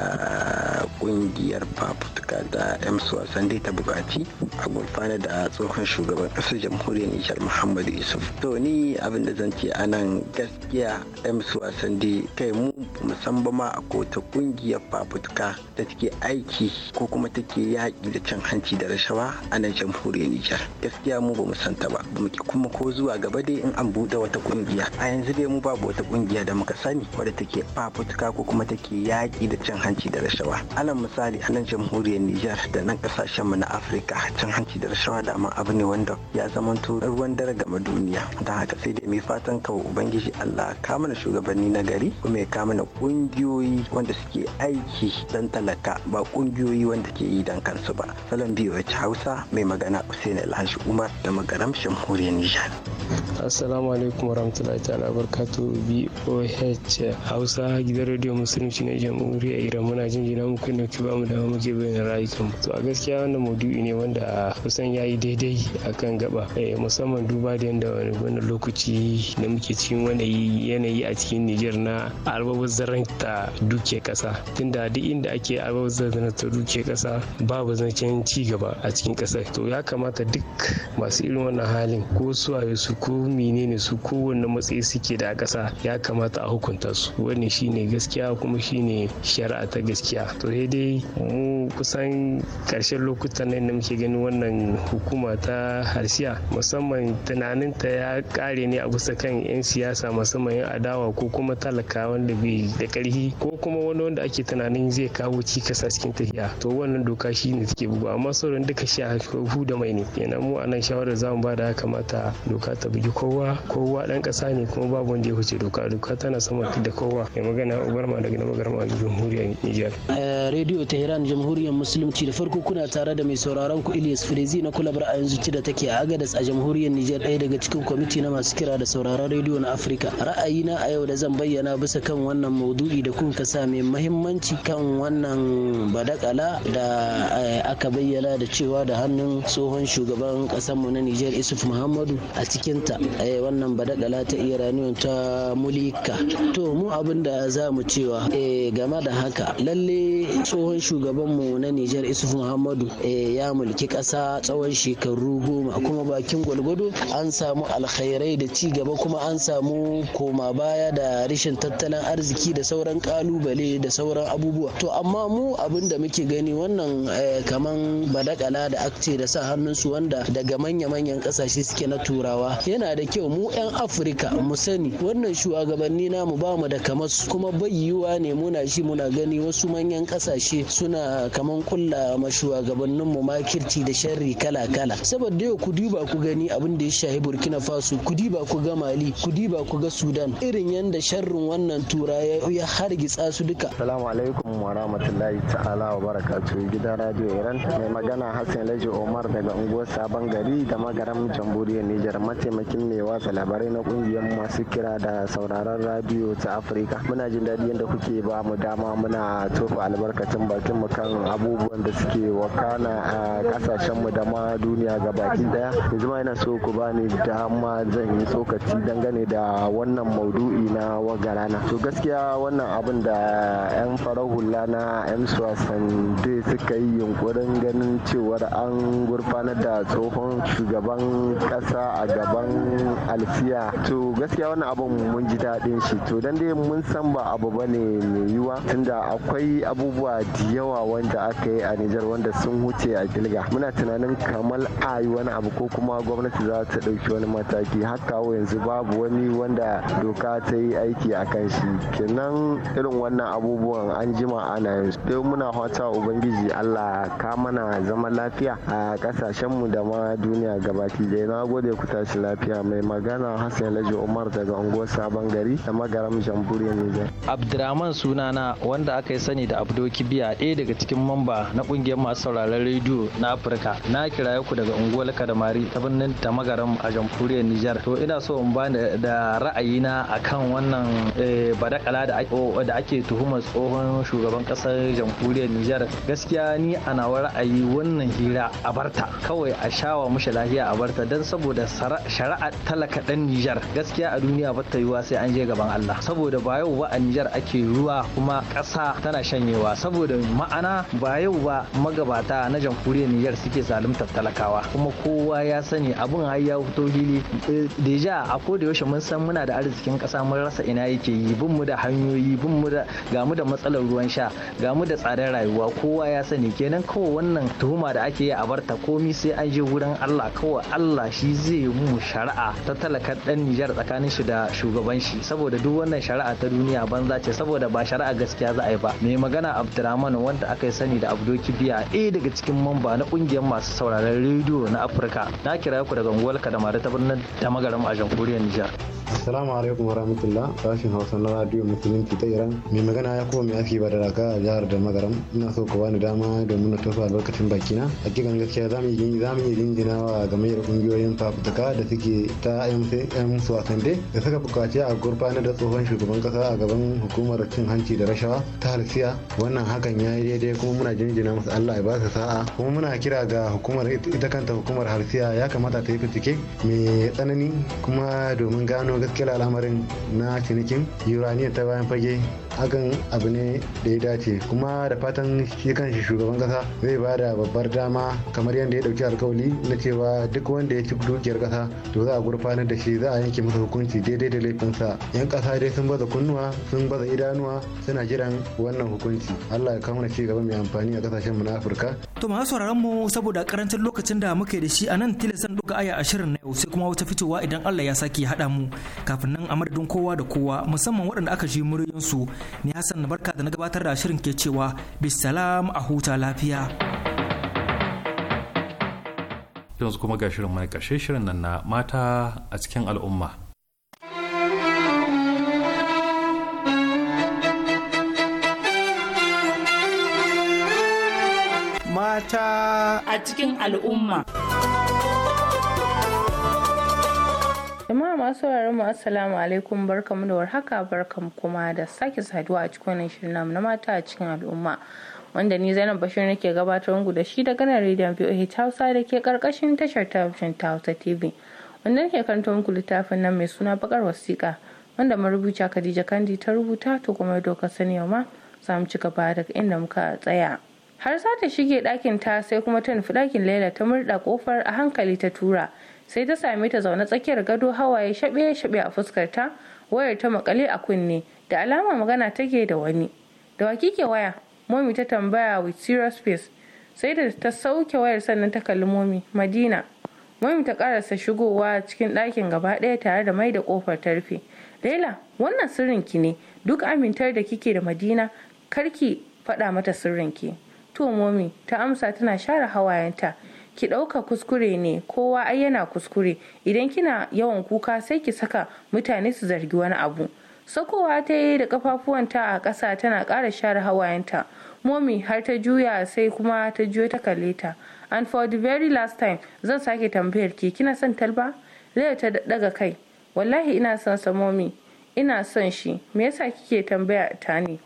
kungiyar fafutuka da emsu wasan ta bukaci a gurfana da tsohon shugaban ƙasar jamhuriyar nijar muhammadu yusuf to ni abin da zan ce anan gaskiya musu wasan da kai mu musamman ma a ta kungiyar fafutuka da take aiki ko kuma take yaƙi da cin hanci da rashawa a nan jamhuriyar Nijar. Gaskiya mu ba mu santa ba, ba mu kuma ko zuwa gaba dai in an buɗe wata kungiya. A yanzu dai mu babu wata kungiya da muka sani wadda take fafutuka ko kuma take yaƙi da cin hanci da rashawa. Alal misali a nan jamhuriyar Nijar da nan kasashen mu na Afirka cin hanci da rashawa da ma abu ne wanda ya zamanto ruwan dare game duniya. Don haka sai dai mai fatan kawo Ubangiji Allah ka mana shi shugabanni na gari kuma ya kama na kungiyoyi wanda suke aiki don talaka ba kungiyoyi wanda ke yi don kansu ba salon biyu hausa mai magana usain alhaji umar da magaram shamhuriya nijar assalamu alaikum warahmatullahi ta'ala barkatu boh hausa gidan rediyo musulunci na jamhuriyar iran muna jin jina muku ne ki bamu da muke bayyana rayukan to a gaskiya wannan maudu'i ne wanda kusan ya yi daidai akan gaba eh, musamman duba da yanda wani lokaci da muke cikin wani yanayi a cikin Nijar na albabazzaranta duke kasa tunda duk inda ake albabazzaranta duke kasa babu zancen ci gaba a cikin kasa to ya kamata duk masu irin wannan halin ko suwaye su ko menene su ko wanne matsayi suke da kasa ya kamata a hukunta su wannan shine gaskiya kuma shine shari'a ta gaskiya to sai dai mu kusan karshen lokutan nan da muke ganin wannan hukuma ta harsiya musamman tunaninta ya kare ne a bisa kan 'yan siyasa musamman 'yan adawa ko kuma talaka wanda bai da ƙarfi ko kuma wani wanda ake tunanin zai kawo cikas a cikin tafiya to wannan doka shi ne take buga amma sauran duka shi a da mai ne kenan mu a nan shawarar zamu ba da kamata doka ta bugi kowa kowa dan kasa ne kuma babu wanda ya huce doka doka tana sama da kowa mai magana ubarma daga garma a jamhuriyar Nijar. Eh, Radio Tehran jamhuriyar musulunci da farko kuna tare da mai sauraron ku Ilyas Frezi na kulabar a yanzu da take a Agadas a jamhuriyar Nijar ɗaya daga cikin kwamiti na masu kira da sauraron rediyo na Afirka. Ra'ayina a yau yau da zan bayyana bisa kan wannan maudu'i da kun ka mai mahimmanci kan wannan badakala da eh, aka bayyana da cewa da hannun tsohon shugaban mu na Nijar Isuf Muhammadu a cikinta eh, wannan badakala ta Iraniyon ta mulika. To mu abin da za mu cewa eh, game da haka lalle tsohon shugabanmu na Nijar Isuf Muhammadu ya mulki ƙasa tsawon shekaru goma kuma bakin gwalgwado an samu alkhairai da ci gaba kuma an samu koma baya da rashin tattalin arziki da sauran kalubale da sauran abubuwa to amma mu abin da muke gani wannan eh, kaman badakala da akce da sa hannunsu wanda daga manya-manyan kasashe suke na turawa yana da kyau mu 'yan afirka mu sani wannan shugabanni namu ba mu da kamar kuma bai yiwuwa ne muna shi muna gani wasu manyan kasashe suna kaman kulla ma shugabannin mu makirci da sharri kala-kala saboda yau ku diba ku gani abin da ya shahi burkina faso ku diba ku ga mali ku diba ku ga sudan irin da sharrin wannan tura ya hargitsa su duka salamu alaikum wa rahmatullahi ta'ala wa barakatu. gidan radio iran mai magana hassan laji omar daga unguwar sabon gari da magaram jamhuriyar nijar mataimakin mai watsa labarai na kungiyar masu kira da sauraron radio ta afirka muna jin daɗi yadda kuke ba mu dama muna tofa albarkacin bakin mu kan abubuwan da suke wakana a kasashen mu da ma duniya ga baki daya yanzu ma yana so ku bani dama zan yi tsokaci dangane da wannan maudu'i na wagarana to gaskiya wannan abin da 'yan farar hula na m dai suka yi yunkurin ganin cewar an gurfanar da tsohon shugaban kasa a gaban alfiya to gaskiya wannan abin mun ji daɗin shi to dan dai mun san ba abu ba ne mai yiwa tunda akwai abubuwa da yawa wanda aka yi a nijar wanda sun wuce a gilga muna tunanin kamar a wani abu ko kuma gwamnati za ta ɗauki wani mataki haka yanzu babu wani wanda doka ta ta yi aiki a kan shi kenan irin wannan abubuwan an jima ana yin su dai muna fata ubangiji allah ka mana zama lafiya a kasashenmu da ma duniya gabaki ɗaya na gode ku tashi lafiya mai magana hassan laji umar daga unguwar sabon gari da magaram jamhuriyar nijar abdurrahman sunana wanda aka yi sani da abdo kibiya ɗaya daga cikin mamba na kungiyar masu sauraron rediyo na afirka na kiraye ku daga unguwar kadamari ta birnin tamagaram a jamhuriyar nijar to ina so in bani da ra'ayina akan akan wannan eh, badakala da ake tuhumar tsohon shugaban kasar jamhuriyar Nijar gaskiya ni a nawa ra'ayi wannan hira a barta kawai a shawa mushi lahiya a barta don saboda shari'a talaka dan Nijar gaskiya a duniya ba ta yiwa sai an je gaban Allah saboda ba yau ba a Nijar ake ruwa kuma ƙasa tana shanyewa saboda ma'ana ba yau ba magabata na jamhuriyar Nijar suke zaluntar talakawa kuma kowa ya sani abin har ya fito hili eh, deja a koda yaushe mun san muna da arzikin ƙasa mun rasa ina yake yi bin mu da hanyoyi bin mu da ga da matsalar ruwan sha gamu da tsadar rayuwa kowa ya sani kenan kawai wannan tuhuma da ake yi a barta komi sai an je wurin Allah kawai Allah shi zai mu shari'a ta talakar dan Nijar tsakanin shi da shugaban shi saboda duk wannan shari'a ta duniya banza ce saboda ba shari'a gaskiya za a yi ba mai magana Abdurrahman wanda aka sani da Abdul Kibiya ɗaya daga cikin mamba na kungiyar masu sauraron rediyo na Afirka na kira ku daga unguwar Kadamare ta birnin Damagaram a jamhuriyar Nijar assalamu alaikum rahmatullah sashin hausa na radio musulunci ta iran mai magana ya kuma mai aski ba da raka a jihar da magaram ina so ku bani dama domin na tofa albarkacin bakina hakikan gaskiya za mu yi za mu yi jinjinawa game da kungiyoyin fafutuka da suke ta MCM su akande da suka bukaci a gurfana da tsohon shugaban kasa a gaban hukumar cin hanci da rashawa ta halsiya wannan hakan ya yi daidai kuma muna jinjina musu allah ya ba su sa'a kuma muna kira ga hukumar ita kanta hukumar halsiya ya kamata ta yi fitike mai tsanani kuma domin gano gaskiyar al'amarin na cinikin yuraniya ta bayan fage hakan abu ne da ya dace kuma da fatan shi kanshi shugaban kasa zai ba da babbar dama kamar yadda ya dauki alkawali na cewa duk wanda ya ci dukiyar kasa to za a gurfanar da shi za a yanke masa hukunci daidai da laifinsa yan kasa dai sun baza kunnuwa sun baza idanuwa suna jiran wannan hukunci allah ya kawo na ci gaba mai amfani a kasashen mu na afirka To masu sauraron mu saboda karancin lokacin da muke da shi a nan tilasan duka aya ashirin na yau sai kuma wata fitowa idan Allah ya sake haɗa mu kafin nan a madadin kowa da kowa musamman waɗanda aka ji muryoyinsu ni Hassan na barka da na gabatar da shirin ke cewa bisalam a huta lafiya. Yanzu kuma ga shirin mai karshe shirin nan na mata a cikin al'umma. mata a cikin al'umma. jama'a masu mu assalamu alaikum barkamu da warhaka barkamu kuma da sake saduwa a cikin wannan shirin namu na mata a cikin al'umma wanda ni zainab bashir nake gabatar muku da shi da ganar rediyon voh hausa da ke karkashin tashar talabijin ta hausa tv wanda nake karanto muku littafin nan mai suna bakar wasiƙa wanda marubuciya khadija kandi ta rubuta to kuma doka sani yau ma samu ci gaba daga inda muka tsaya. har za ta shige ɗakin ta sai kuma ta nufi ɗakin laila ta murɗa kofar a hankali ta tura sai ta same ta zaune tsakiyar gado hawaye shaɓe shaɓe a fuskar ta wayar ta makale a kunne da alama magana take da wani da wa kike waya momi ta tambaya with serious face sai da ta sauke wayar sannan ta kalli momi madina momi ta karasa shigowa cikin ɗakin gaba ɗaya tare da mai da ƙofar ta rufe laila wannan sirrin ki ne duk amintar da kike da madina karki faɗa mata sirrin ki. to momi ta amsa tana share hawayenta ki ɗauka kuskure ne kowa ai yana kuskure idan kina yawan kuka sai ki saka mutane su zargi wani abu sakowa ta yi da kafafuwanta a ƙasa tana ƙara share hawayenta momi har ta juya sai kuma ta juya ta kalle ta and for the very last time zan sake tambayar ki kina son talba laya ta daga kai wallahi ina son sa momi ina son shi me yasa kike tambaya ta ne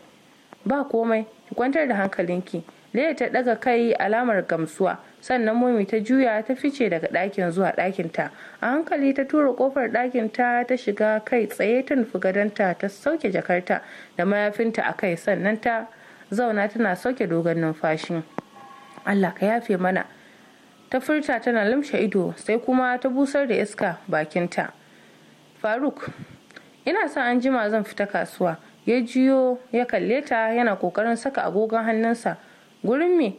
ba komai ki kwantar da hankalinki Leah ta daga kai alamar gamsuwa sannan momi ta juya ta fice daga ɗakin zuwa ɗakinta a hankali ta tura kofar ɗakinta ta shiga kai tsaye ta nufi gadonta ta sauke jakarta da mayafinta a kai sannan ta zauna tana sauke dogon numfashi allah ka yafe mana ta furta tana limshe ido sai kuma ta busar da iska bakinta faruk ina son an jima zan fita kasuwa ya jiyo ya kalle ta yana kokarin saka agogon hannunsa gurin me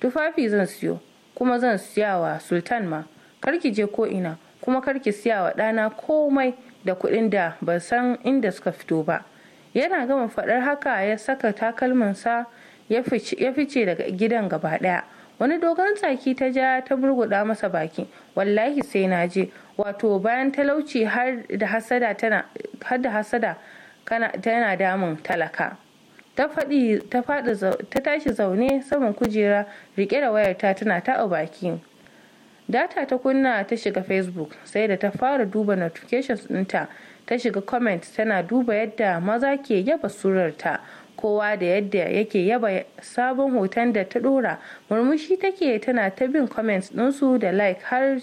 tufafi zan siyo kuma zan siya wa sultan ma karki je ko ina kuma karki siya wa ɗana komai da kuɗin da ban san inda suka fito ba yana gama faɗar haka ya saka takalminsa ya fice daga gidan gaba ɗaya wani dogon tsaki ta ja ta burguda masa baki wallahi sai na je wato bayan talauci har da hasada tana damun talaka ta tashi zaune saman kujera rike da wayarta tana taɓa baki data ta kunna ta shiga facebook sai da ta fara duba notifications ɗinta ta shiga comment tana duba yadda maza ke yaba surarta kowa da yadda yake yaba sabon hoton da ta dora murmushi take tana ta bin comments ɗinsu da like har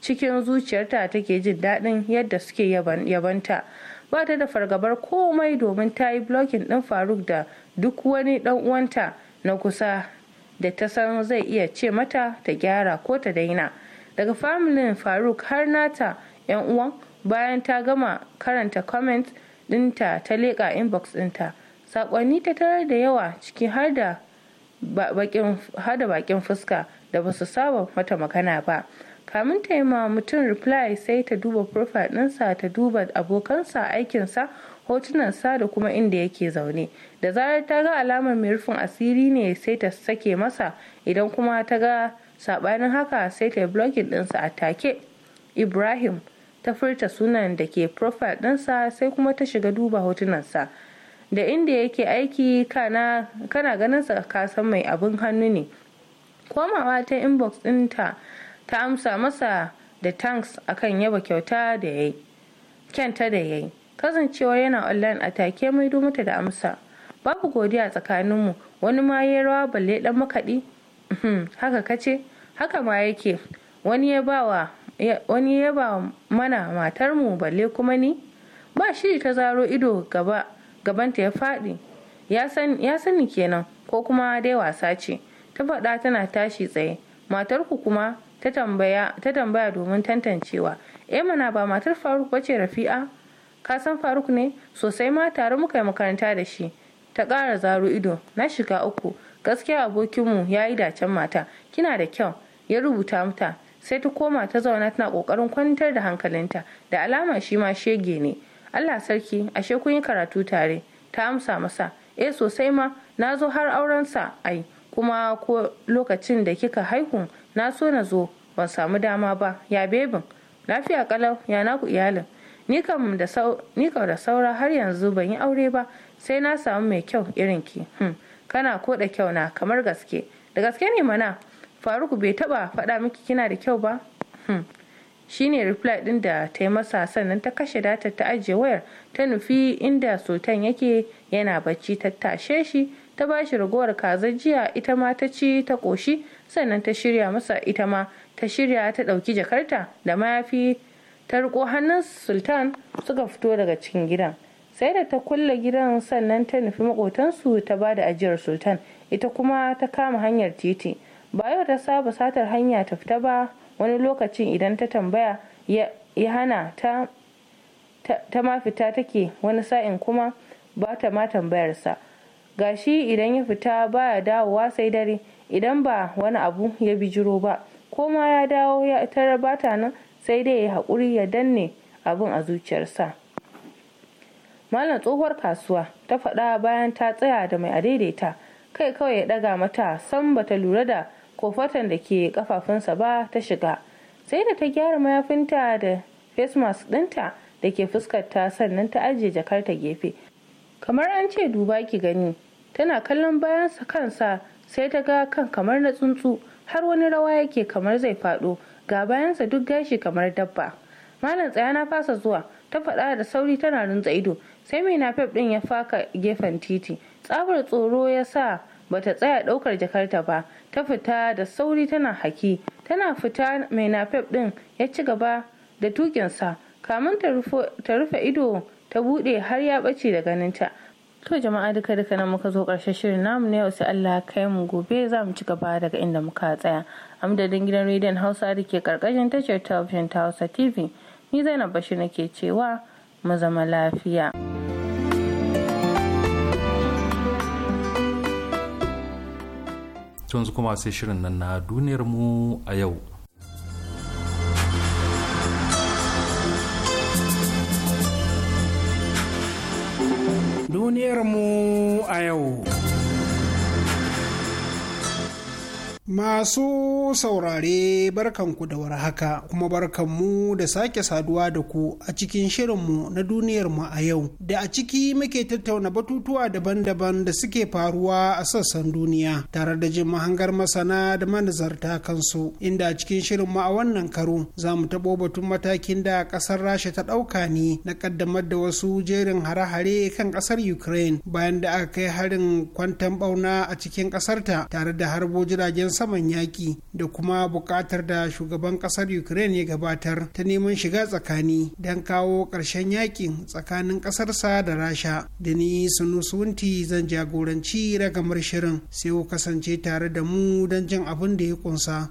cikin zuciyarta take jin daɗin yadda suke yabanta ba ta da fargabar komai domin ta yi blogin ɗin faruk da duk wani ɗan uwanta na kusa da ta san zai iya ce mata ta gyara ko ta daina daga familin faruk har nata 'yan uwan bayan ta gama karanta comment ɗinta ta leƙa inbox ɗinta saƙonni ta tare da yawa ciki har da bakin fuska da ba su saba mata magana ba kamin ta yi ma mutum reply sai ta duba profile ɗinsa ta duba abokansa aikinsa hotunansa da kuma inda yake zaune da zarar ta ga alamar mai rufin asiri ne sai ta sake masa idan kuma ta ga sabanin haka sai ta yi blogging ɗinsa a take ibrahim ta furta sunan da ke profile ɗinsa sai kuma ta shiga duba hotunansa da inda yake aiki kana, kana ganin sa kasan mai abin hannu ne komawa ta inbox ɗinta ta amsa masa da tanks akan yaba kyauta da ya yi kyanta da ya yi yana online a take mai mata da amsa babu godiya tsakaninmu wani ma ya rawa balle dan makaɗi uhm, haka kace haka ma yake wani ya bawa wani ya ba mana matarmu balle kuma ni ba shi ta zaro ido gaba gabanta ya faɗi ya sani kenan ko kuma dai wasa ce ta faɗa tana tashi tsaye matarku kuma ta tambaya domin tantancewa eh mana ba matar faruk bace rafi'a ka san faruk ne sosai ma tare muka yi makaranta da shi ta ƙara zaro ido na shiga uku gaskiya abokinmu ya yi dacen mata kina da kyau ya rubuta mata sai ta koma ta zauna tana ƙoƙarin kwantar da hankalinta da alama shi ma shege ne allah sarki ashe kun yi karatu tare ta amsa masa eh sosai ma na zo har auren sa ai kuma ko lokacin da kika haihu na so na zo ban samu dama ba ya bebin lafiya kalau ya naku iyalin ni kam da saura har yanzu ban yi aure ba sai na samu mai kyau irin ki hmm. kana ko da kyau na kamar gaske da gaske ne mana faruku bai taba faɗa miki kina da kyau ba hmm. ne reply din da ta yi masa sannan ta kashe data ta ajiye wayar ta nufi inda sotan yake yana bacci tattashe shi ta ba shi ragowar kaza jiya ita ma ta ci ta ƙoshi sannan ta shirya masa ita ma ta shirya ta ɗauki jakarta da mayafi ta riko hannun sultan suka fito daga cikin gidan sai da ta kulle gidan sannan ta nufi makotansu ta ba da ajiyar sultan ita kuma ta kama hanyar titi ba yau ta saba satar hanya ta fita ba wani lokacin idan ta tambaya ya hana ta ta ma fita take wani sa'in kuma ba ta ma tambayarsa gashi idan ya fita baya dawowa sai dare idan ba wani abu ya bijiro ba ko ma ya dawo ya tarar bata nan sai dai ya haƙuri ya danne abin a zuciyarsa malam tsohuwar kasuwa ta faɗa bayan ta tsaya da mai adaidaita kai kawai ya ɗaga mata san bata lura da kofatan da ke kafafunsa ba ta shiga sai da ta gyara mayafinta da face mask ɗinta da ke fuskar ta sannan ta ajiye jakarta gefe kamar an ce duba ki gani tana kallon bayansa kansa sai ta ga kan kamar na tsuntsu har wani rawa yake kamar zai faɗo ga bayansa duk gashi kamar dabba malam tsaya na fasa zuwa ta faɗa da sauri tana runtsa ido sai mai fef ɗin ya faka gefen titi tsabar tsoro ya sa bata tsaya ɗaukar jakarta ba ta fita da sauri tana haki tana fita mai fef ɗin ya ci gaba da tukinsa kamin ta rufe ido ta bude har ya ɓace da ganinta to jama'a duka duka nan muka zo karshen shirin namu na yau sai Allah kai mu gobe za mu ci gaba daga inda muka tsaya a gidan rediyon hausa da ke karkashin tashar talabijin ta hausa tv ni zainab bashir nake cewa mu zama lafiya. yanzu kuma sai shirin nan na duniyar mu a yau duniyarmu a yau. Masu saurare barkanku da warhaka kuma barkanmu da sake saduwa da ku a cikin shirinmu na duniyar mu a yau da a ciki muke tattauna batutuwa daban-daban da suke faruwa a sassan duniya tare da jin mahangar masana da manazarta kansu inda a cikin mu a wannan karo za mu taɓo batun matakin da ƙasar rasha ta ɗauka ne na ƙaddamar da wasu jerin hare-hare kan ƙasar ukraine bayan da aka kai harin kwantan ɓauna a cikin ƙasarta tare da harbo jiragen saman yaƙi da kuma buƙatar da shugaban ƙasar ukraine ya gabatar ta neman shiga tsakani don kawo ƙarshen yaƙin tsakanin ƙasarsa da rasha da ni sunusunti zan jagoranci ragamar shirin sai ku kasance tare da mu don jin abin da ya ƙunsa.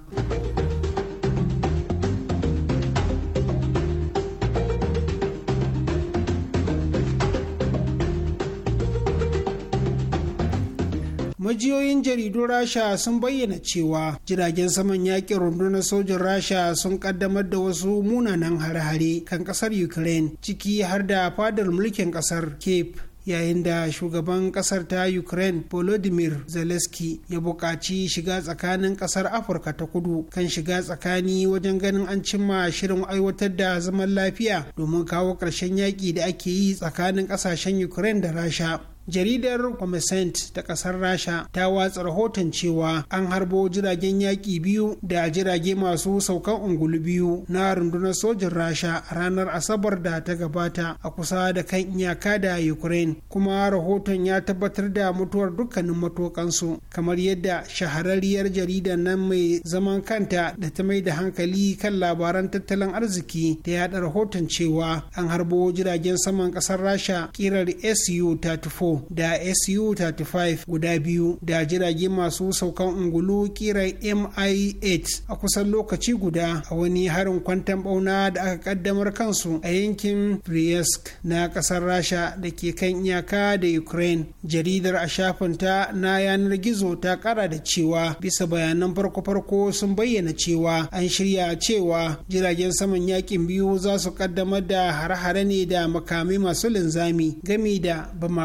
majiyoyin jaridun rasha sun bayyana cewa jiragen saman yaƙin rundunar sojin rasha sun kaddamar da wasu munanan hare-hare kan ƙasar ukraine ciki har da fadar mulkin ƙasar cape yayin da shugaban ƙasar ta ukraine volodymyr zelensky ya buƙaci shiga tsakanin ƙasar afirka ta kudu kan shiga tsakani wajen ganin an cimma shirin aiwatar da zaman lafiya domin kawo ƙarshen yaƙi da ake yi tsakanin ƙasashen ukraine da rasha jaridar Kommersant ta kasar rasha ta watsa rahoton cewa an harbo jiragen yaƙi biyu da jirage masu saukan ungulu biyu na rundunar sojin rasha ranar asabar da ta gabata a kusa da kan iyaka da ukraine kuma rahoton ya tabbatar da mutuwar dukkanin matokansu kamar yadda shahararriyar jaridar nan mai zaman kanta da ta mai da hankali kan labaran tattalin arziki ta yaɗa rahoton cewa an harbo jiragen saman kasar rasha kirar su 34 da su-35 guda biyu da jirage masu saukan ungulu kirar mi-8 a kusan lokaci guda a wani harin kwantan bauna da aka kaddamar kansu a yankin priyesk na kasar rasha da ke kan iyaka da ukraine jaridar a shafinta na yanar gizo ta kara da cewa bisa bayanan farko-farko sun bayyana cewa an shirya cewa jiragen saman yakin biyu za su kaddamar da hare-hare ne da makamai masu linzami gami da bama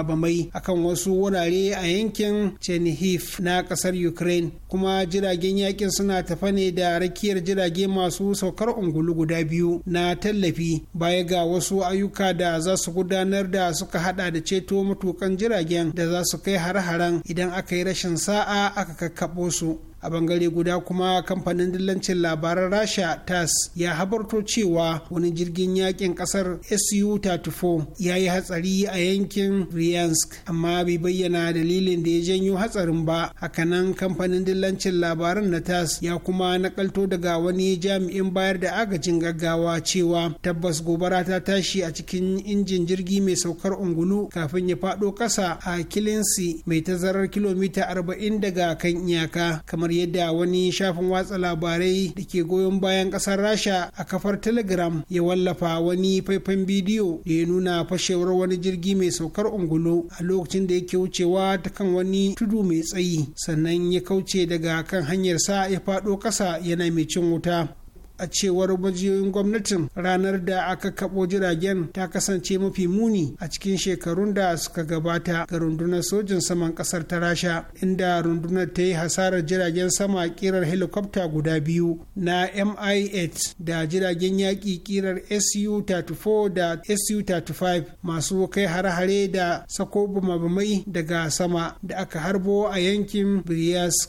akan wasu wurare a yankin chernihiv na kasar ukraine kuma jiragen yakin suna tafa ne da rakiyar jirage masu saukar ungulu guda biyu na tallafi baya ga wasu ayyuka da za su gudanar da suka hada da ceto matukan jiragen da za su kai har haren idan aka yi rashin sa'a aka kakkaɓo su a bangare guda kuma kamfanin dillancin labaran rasha tas ya habarto cewa wani jirgin yakin kasar su-34 ya yi hatsari a yankin ryansk amma bai bayyana dalilin da ya janyo hatsarin ba hakanan kamfanin dillancin labaran na tas ya kuma nakalto daga wani jami'in bayar da agajin gaggawa cewa tabbas gobara ta tashi a cikin injin jirgi mai saukar ungulu kafin ya faɗo ƙasa a kilinsi mai tazarar kilomita 40 daga kan iyaka kamar yadda wani shafin watsa labarai da ke goyon bayan kasar rasha a kafar telegram ya wallafa wani faifan bidiyo da ya nuna fashewar wani jirgi mai saukar ungulo a lokacin da yake wucewa ta kan wani tudu mai tsayi sannan ya kauce daga kan hanyarsa ya faɗo ƙasa yana mai cin wuta a cewar majiyoyin gwamnatin ranar da aka kabo jiragen ta kasance mafi muni a cikin shekarun da suka gabata ga rundunar sojin saman kasar ta rasha inda rundunar ta yi hasarar jiragen sama kirar helikwafta guda biyu na mi-8 da jiragen yaƙi kirar su-34 da su-35 masu kai hare-hare da sako bumabumai daga sama da aka harbo a yankin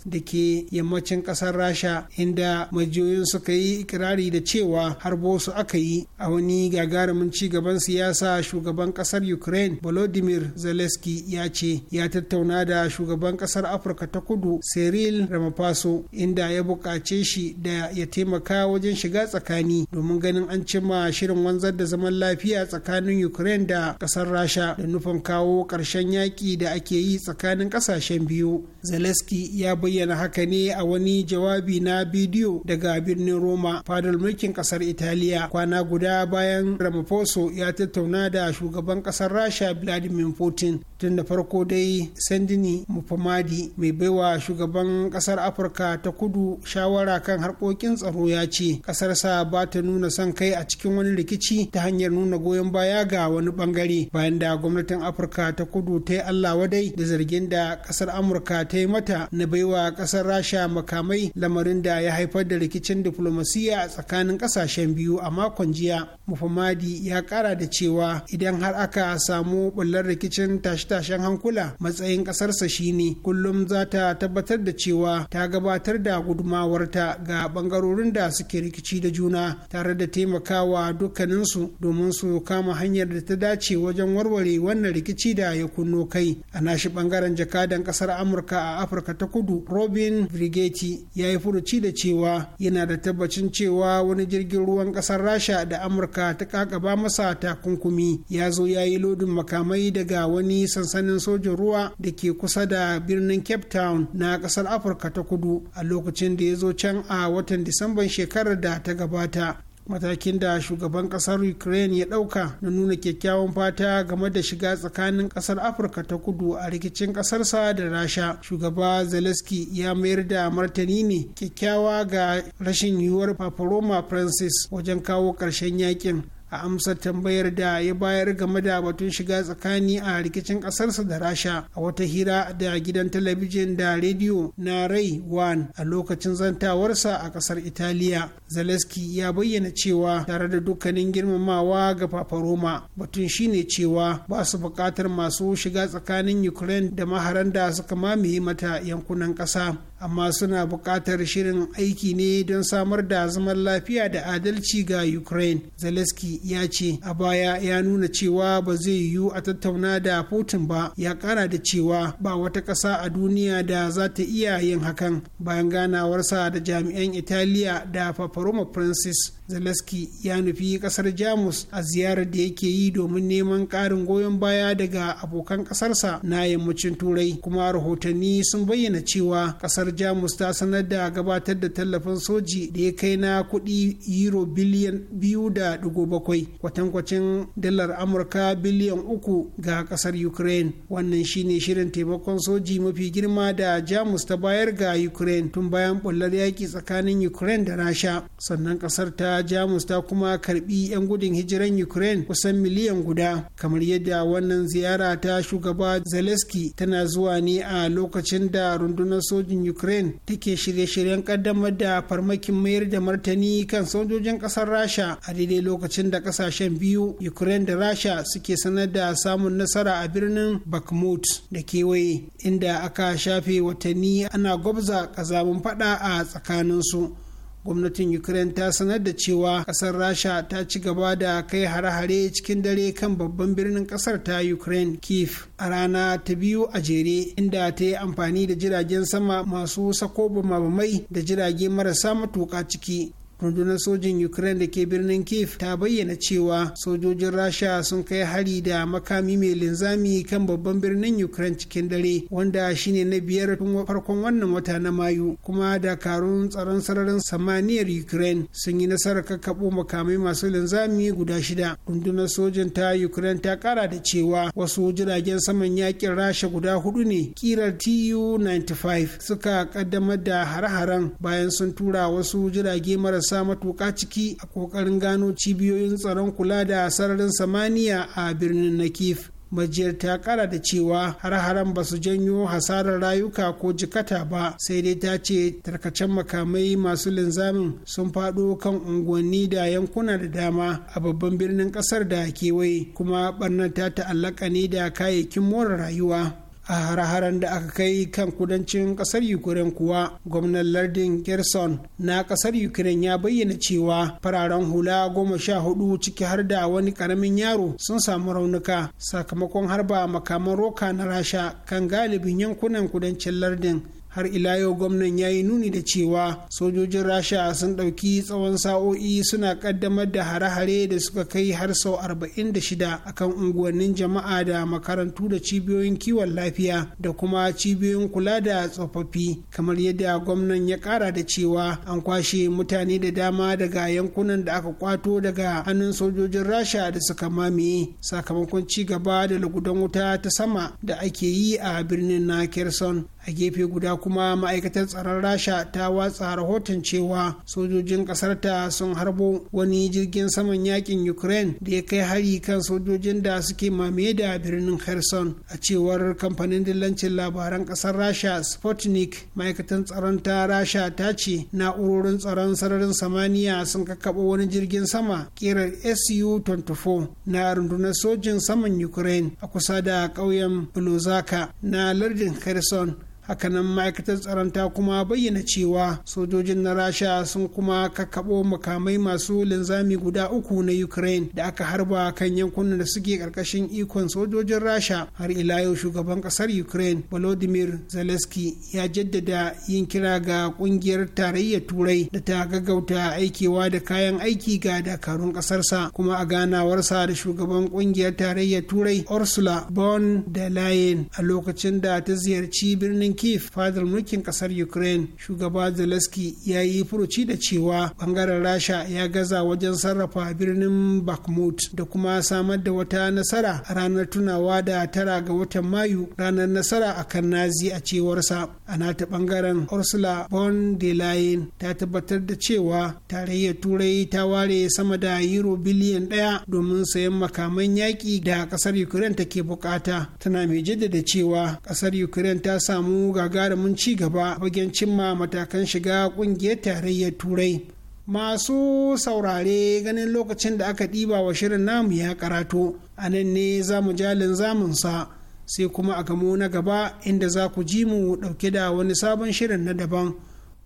da ke yammacin kasar rasha inda majiyoyin suka yi ikirari da cewa harbo su aka yi a wani gagarumin ci gaban siyasa shugaban kasar ukraine volodymyr zelensky ya ce ya tattauna da shugaban kasar afirka ta kudu cyril ramaphosa inda ya buƙace shi da ya taimaka wajen shiga tsakani domin ganin an cimma shirin wanzar da zaman lafiya tsakanin ukraine da kasar rasha da nufin kawo ƙarshen yaƙi da ake yi tsakanin ƙasashen biyu zelensky ya bayyana haka ne a wani jawabi na bidiyo daga birnin roma fadar mulkin kasar italiya kwana guda bayan ramaphosa ya tattauna da shugaban kasar rasha vladimir putin tun da farko dai sandini mufamadi mai baiwa shugaban kasar afirka ta kudu shawara kan harkokin tsaro ya ce kasarsa ba ta nuna son kai a cikin wani rikici ta hanyar nuna goyon baya ga wani bangare bayan da gwamnatin afirka ta kudu ta yi allah wadai da zargin da kasar amurka ta yi mata na baiwa kasar rasha makamai lamarin da ya haifar da rikicin diflomasiyya a tsakanin kasashen biyu a makon jiya mufamadi ya kara da cewa idan har aka samu bullar rikicin tashe-tashen hankula matsayin ƙasarsa shine kullum za ta tabbatar da cewa ta gabatar da gudumawarta ga bangarorin da suke rikici da juna tare da taimakawa dukkaninsu domin su kama hanyar da ta dace wajen warware wannan rikici da ya kunno kai a nashi bangaren jakadan kasar amurka a afirka ta kudu robin brigeti ya yi furuci da cewa yana da tabbacin cewa cewa wani jirgin ruwan kasar rasha da amurka ta kakaba masa takunkumi ya zo ya yi lodin makamai daga wani sansanin sojin ruwa da ke kusa da birnin cape town na kasar afirka ta kudu a lokacin da ya zo can a watan disamban shekarar da ta gabata matakin da shugaban kasar ukraine ya dauka na nuna kyakkyawan fata game da shiga tsakanin kasar afirka ta kudu a rikicin kasarsa da rasha shugaba zelensky ya mayar da martani ne kyakkyawa ga rashin yiwuwar paparoma francis wajen kawo karshen yakin a amsar tambayar da ya bayar game da batun shiga tsakani a rikicin ƙasarsa da rasha a wata hira da gidan talabijin da rediyo na rai wan a lokacin zantawarsa a ƙasar italiya zaleski ya bayyana cewa tare da dukkanin girmamawa ga fafaroma batun shine cewa ba su buƙatar masu shiga tsakanin ukraine da maharan suka mamaye mata yankunan ƙasa amma suna buƙatar shirin aiki ne don samar da zaman lafiya da adalci ga ukraine zelensky ya ce a baya ya nuna cewa ba zai yiwu a tattauna da putin ba ya ƙara da cewa ba wata ƙasa a duniya da za ta iya yin hakan bayan ganawarsa da jami'an italiya da paparoma francis zaleski ya nufi kasar jamus a ziyarar da yake yi domin neman ƙarin goyon baya daga abokan ƙasarsa na yammacin turai kuma rahotanni sun bayyana cewa ƙasar jamus ta sanar da gabatar da tallafin soji da ya kai na kuɗi euro biliyan biyu da dugo bakwai kwatankwacin dalar amurka biliyan uku ga ƙasar ukraine wannan shine shirin taimakon soji mafi girma da jamus ta bayar ga ukraine tun bayan bullar yaki tsakanin ukraine da rasha sannan ƙasar ta jamus ta kuma karbi 'yan gudun hijiran ukraine kusan miliyan guda kamar yadda wannan ziyara ta shugaba zelensky tana zuwa ne a lokacin da rundunar sojin ukraine take shirye-shiryen kaddamar da farmakin mayar da martani kan sojojin ƙasar rasha a daidai lokacin da ƙasashen biyu ukraine da rasha suke sanar da samun nasara a birnin bakhmut da kewaye inda aka shafe watanni ana gwabza kazamin faɗa a tsakaninsu gwamnatin ukraine ta sanar da cewa kasar rasha ta ci gaba da kai hare-hare cikin dare kan babban birnin kasar ta ukraine kiev a rana ta biyu a jere inda ta yi amfani da jiragen sama masu sako bamabamai da jirage marasa matuka ciki rundunar sojin ukraine da ke birnin kiev ta bayyana cewa sojojin rasha sun kai hari da makami mai linzami kan babban birnin ukraine cikin dare wanda shine na biyar tun farkon wannan wata na mayu kuma dakarun tsaron sararin samaniyar ukraine sun yi nasarar kakkaɓo makamai masu linzami guda shida rundunar sojin ta ukraine ta kara da cewa wasu jiragen saman yakin rasha guda hudu ne kirar tu 95 suka kaddamar da hare-haren bayan sun tura wasu jirage maras sa matuƙa ciki a ƙoƙarin gano cibiyoyin tsaron kula da sararin samaniya a birnin Nakif. majiyar ta kara da cewa har-haren ba su janyo hasarar rayuka ko jikata ba sai dai ta ce tarkacen makamai masu linzamin sun faɗo kan unguwanni da yankuna da dama a babban birnin ƙasar da kewaye kuma barnar ta ta'allaka ne da kayayyakin more rayuwa a hare-haren da aka kai kan kudancin kasar ukraine kuwa gwamnan lardin gerson na kasar ukraine ya bayyana cewa fararen hula goma sha hudu ciki har da wani karamin yaro sun samu raunuka sakamakon harba makaman roka na rasha kan galibin yankunan kudancin lardin har ila yau gwamnan ya yi nuni da cewa sojojin rasha sun ɗauki tsawon sa'o'i suna ƙaddamar da hare-hare da suka kai har sau 46 akan unguwannin jama'a da makarantu da cibiyoyin kiwon lafiya da kuma cibiyoyin kula da tsofaffi kamar yadda gwamnan ya ƙara da cewa an kwashe mutane da dama daga yankunan da aka kwato daga hannun sojojin rasha da suka mamaye sakamakon ci gaba da lugudan wuta ta sama da ake yi a birnin na kerson a gefe guda kuma ma'aikatar tsaron rasha ta watsa rahoton cewa sojojin kasar ta sun harbo wani jirgin saman yakin ukraine da ya kai hari kan sojojin da suke mamaye da birnin kherson a cewar kamfanin dillancin labaran ƙasar rasha sputnik ma'aikatan tsaron ta rasha ta ce na'urorin tsaron sararin samaniya sun kakaɓo wani jirgin sama kirar su 24 na rundunar sojin saman ukraine a kusa da ƙauyen blozaka na lardin kherson hakanan ma'aikatar tsaron ta kuma bayyana cewa sojojin na rasha sun kuma kakkaɓo makamai masu linzami guda uku na ukraine da aka harba kan yankunan da suke ƙarƙashin ikon sojojin rasha har ila yau shugaban ƙasar ukraine volodymyr zelensky ya jaddada yin kira ga ƙungiyar tarayyar turai da ta gaggauta aikewa da kayan aiki ga dakarun ƙasarsa kuma a ganawarsa da shugaban ƙungiyar tarayyar turai ursula von der leyen a lokacin da ta ziyarci birnin kiev fadar mulkin kasar ukraine shugaba zelensky ya yi furuci da cewa bangaren rasha ya gaza wajen sarrafa birnin bakhmut da kuma samar da wata nasara a ranar tunawa da tara ga watan mayu ranar nasara a kan nazi a cewarsa a nata bangaren ursula von der leyen ta tabbatar da cewa tarayyar turai ta ware sama da euro biliyan daya domin sayan makaman yaƙi da ƙasar ukraine take bukata tana mai jaddada cewa ƙasar ukraine ta samu gagarumin ci gaba fagen cimma matakan shiga kungiyar tarayyar turai masu saurare ganin lokacin da aka ɗiba wa shirin namu ya karatu a nan ne za mu jalin zamunsa sai kuma a gamo na gaba inda za ku ji mu ɗauke da wani sabon shirin na daban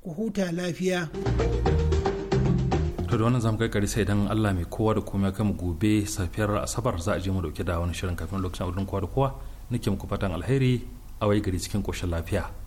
ku huta lafiya. to da wannan zamu kai sai idan Allah mai kowa da komai kan gobe safiyar asabar za a je mu dauke da wani shirin kafin lokacin abudin kowa da kowa nake muku fatan alheri awai gari cikin koshin lafiya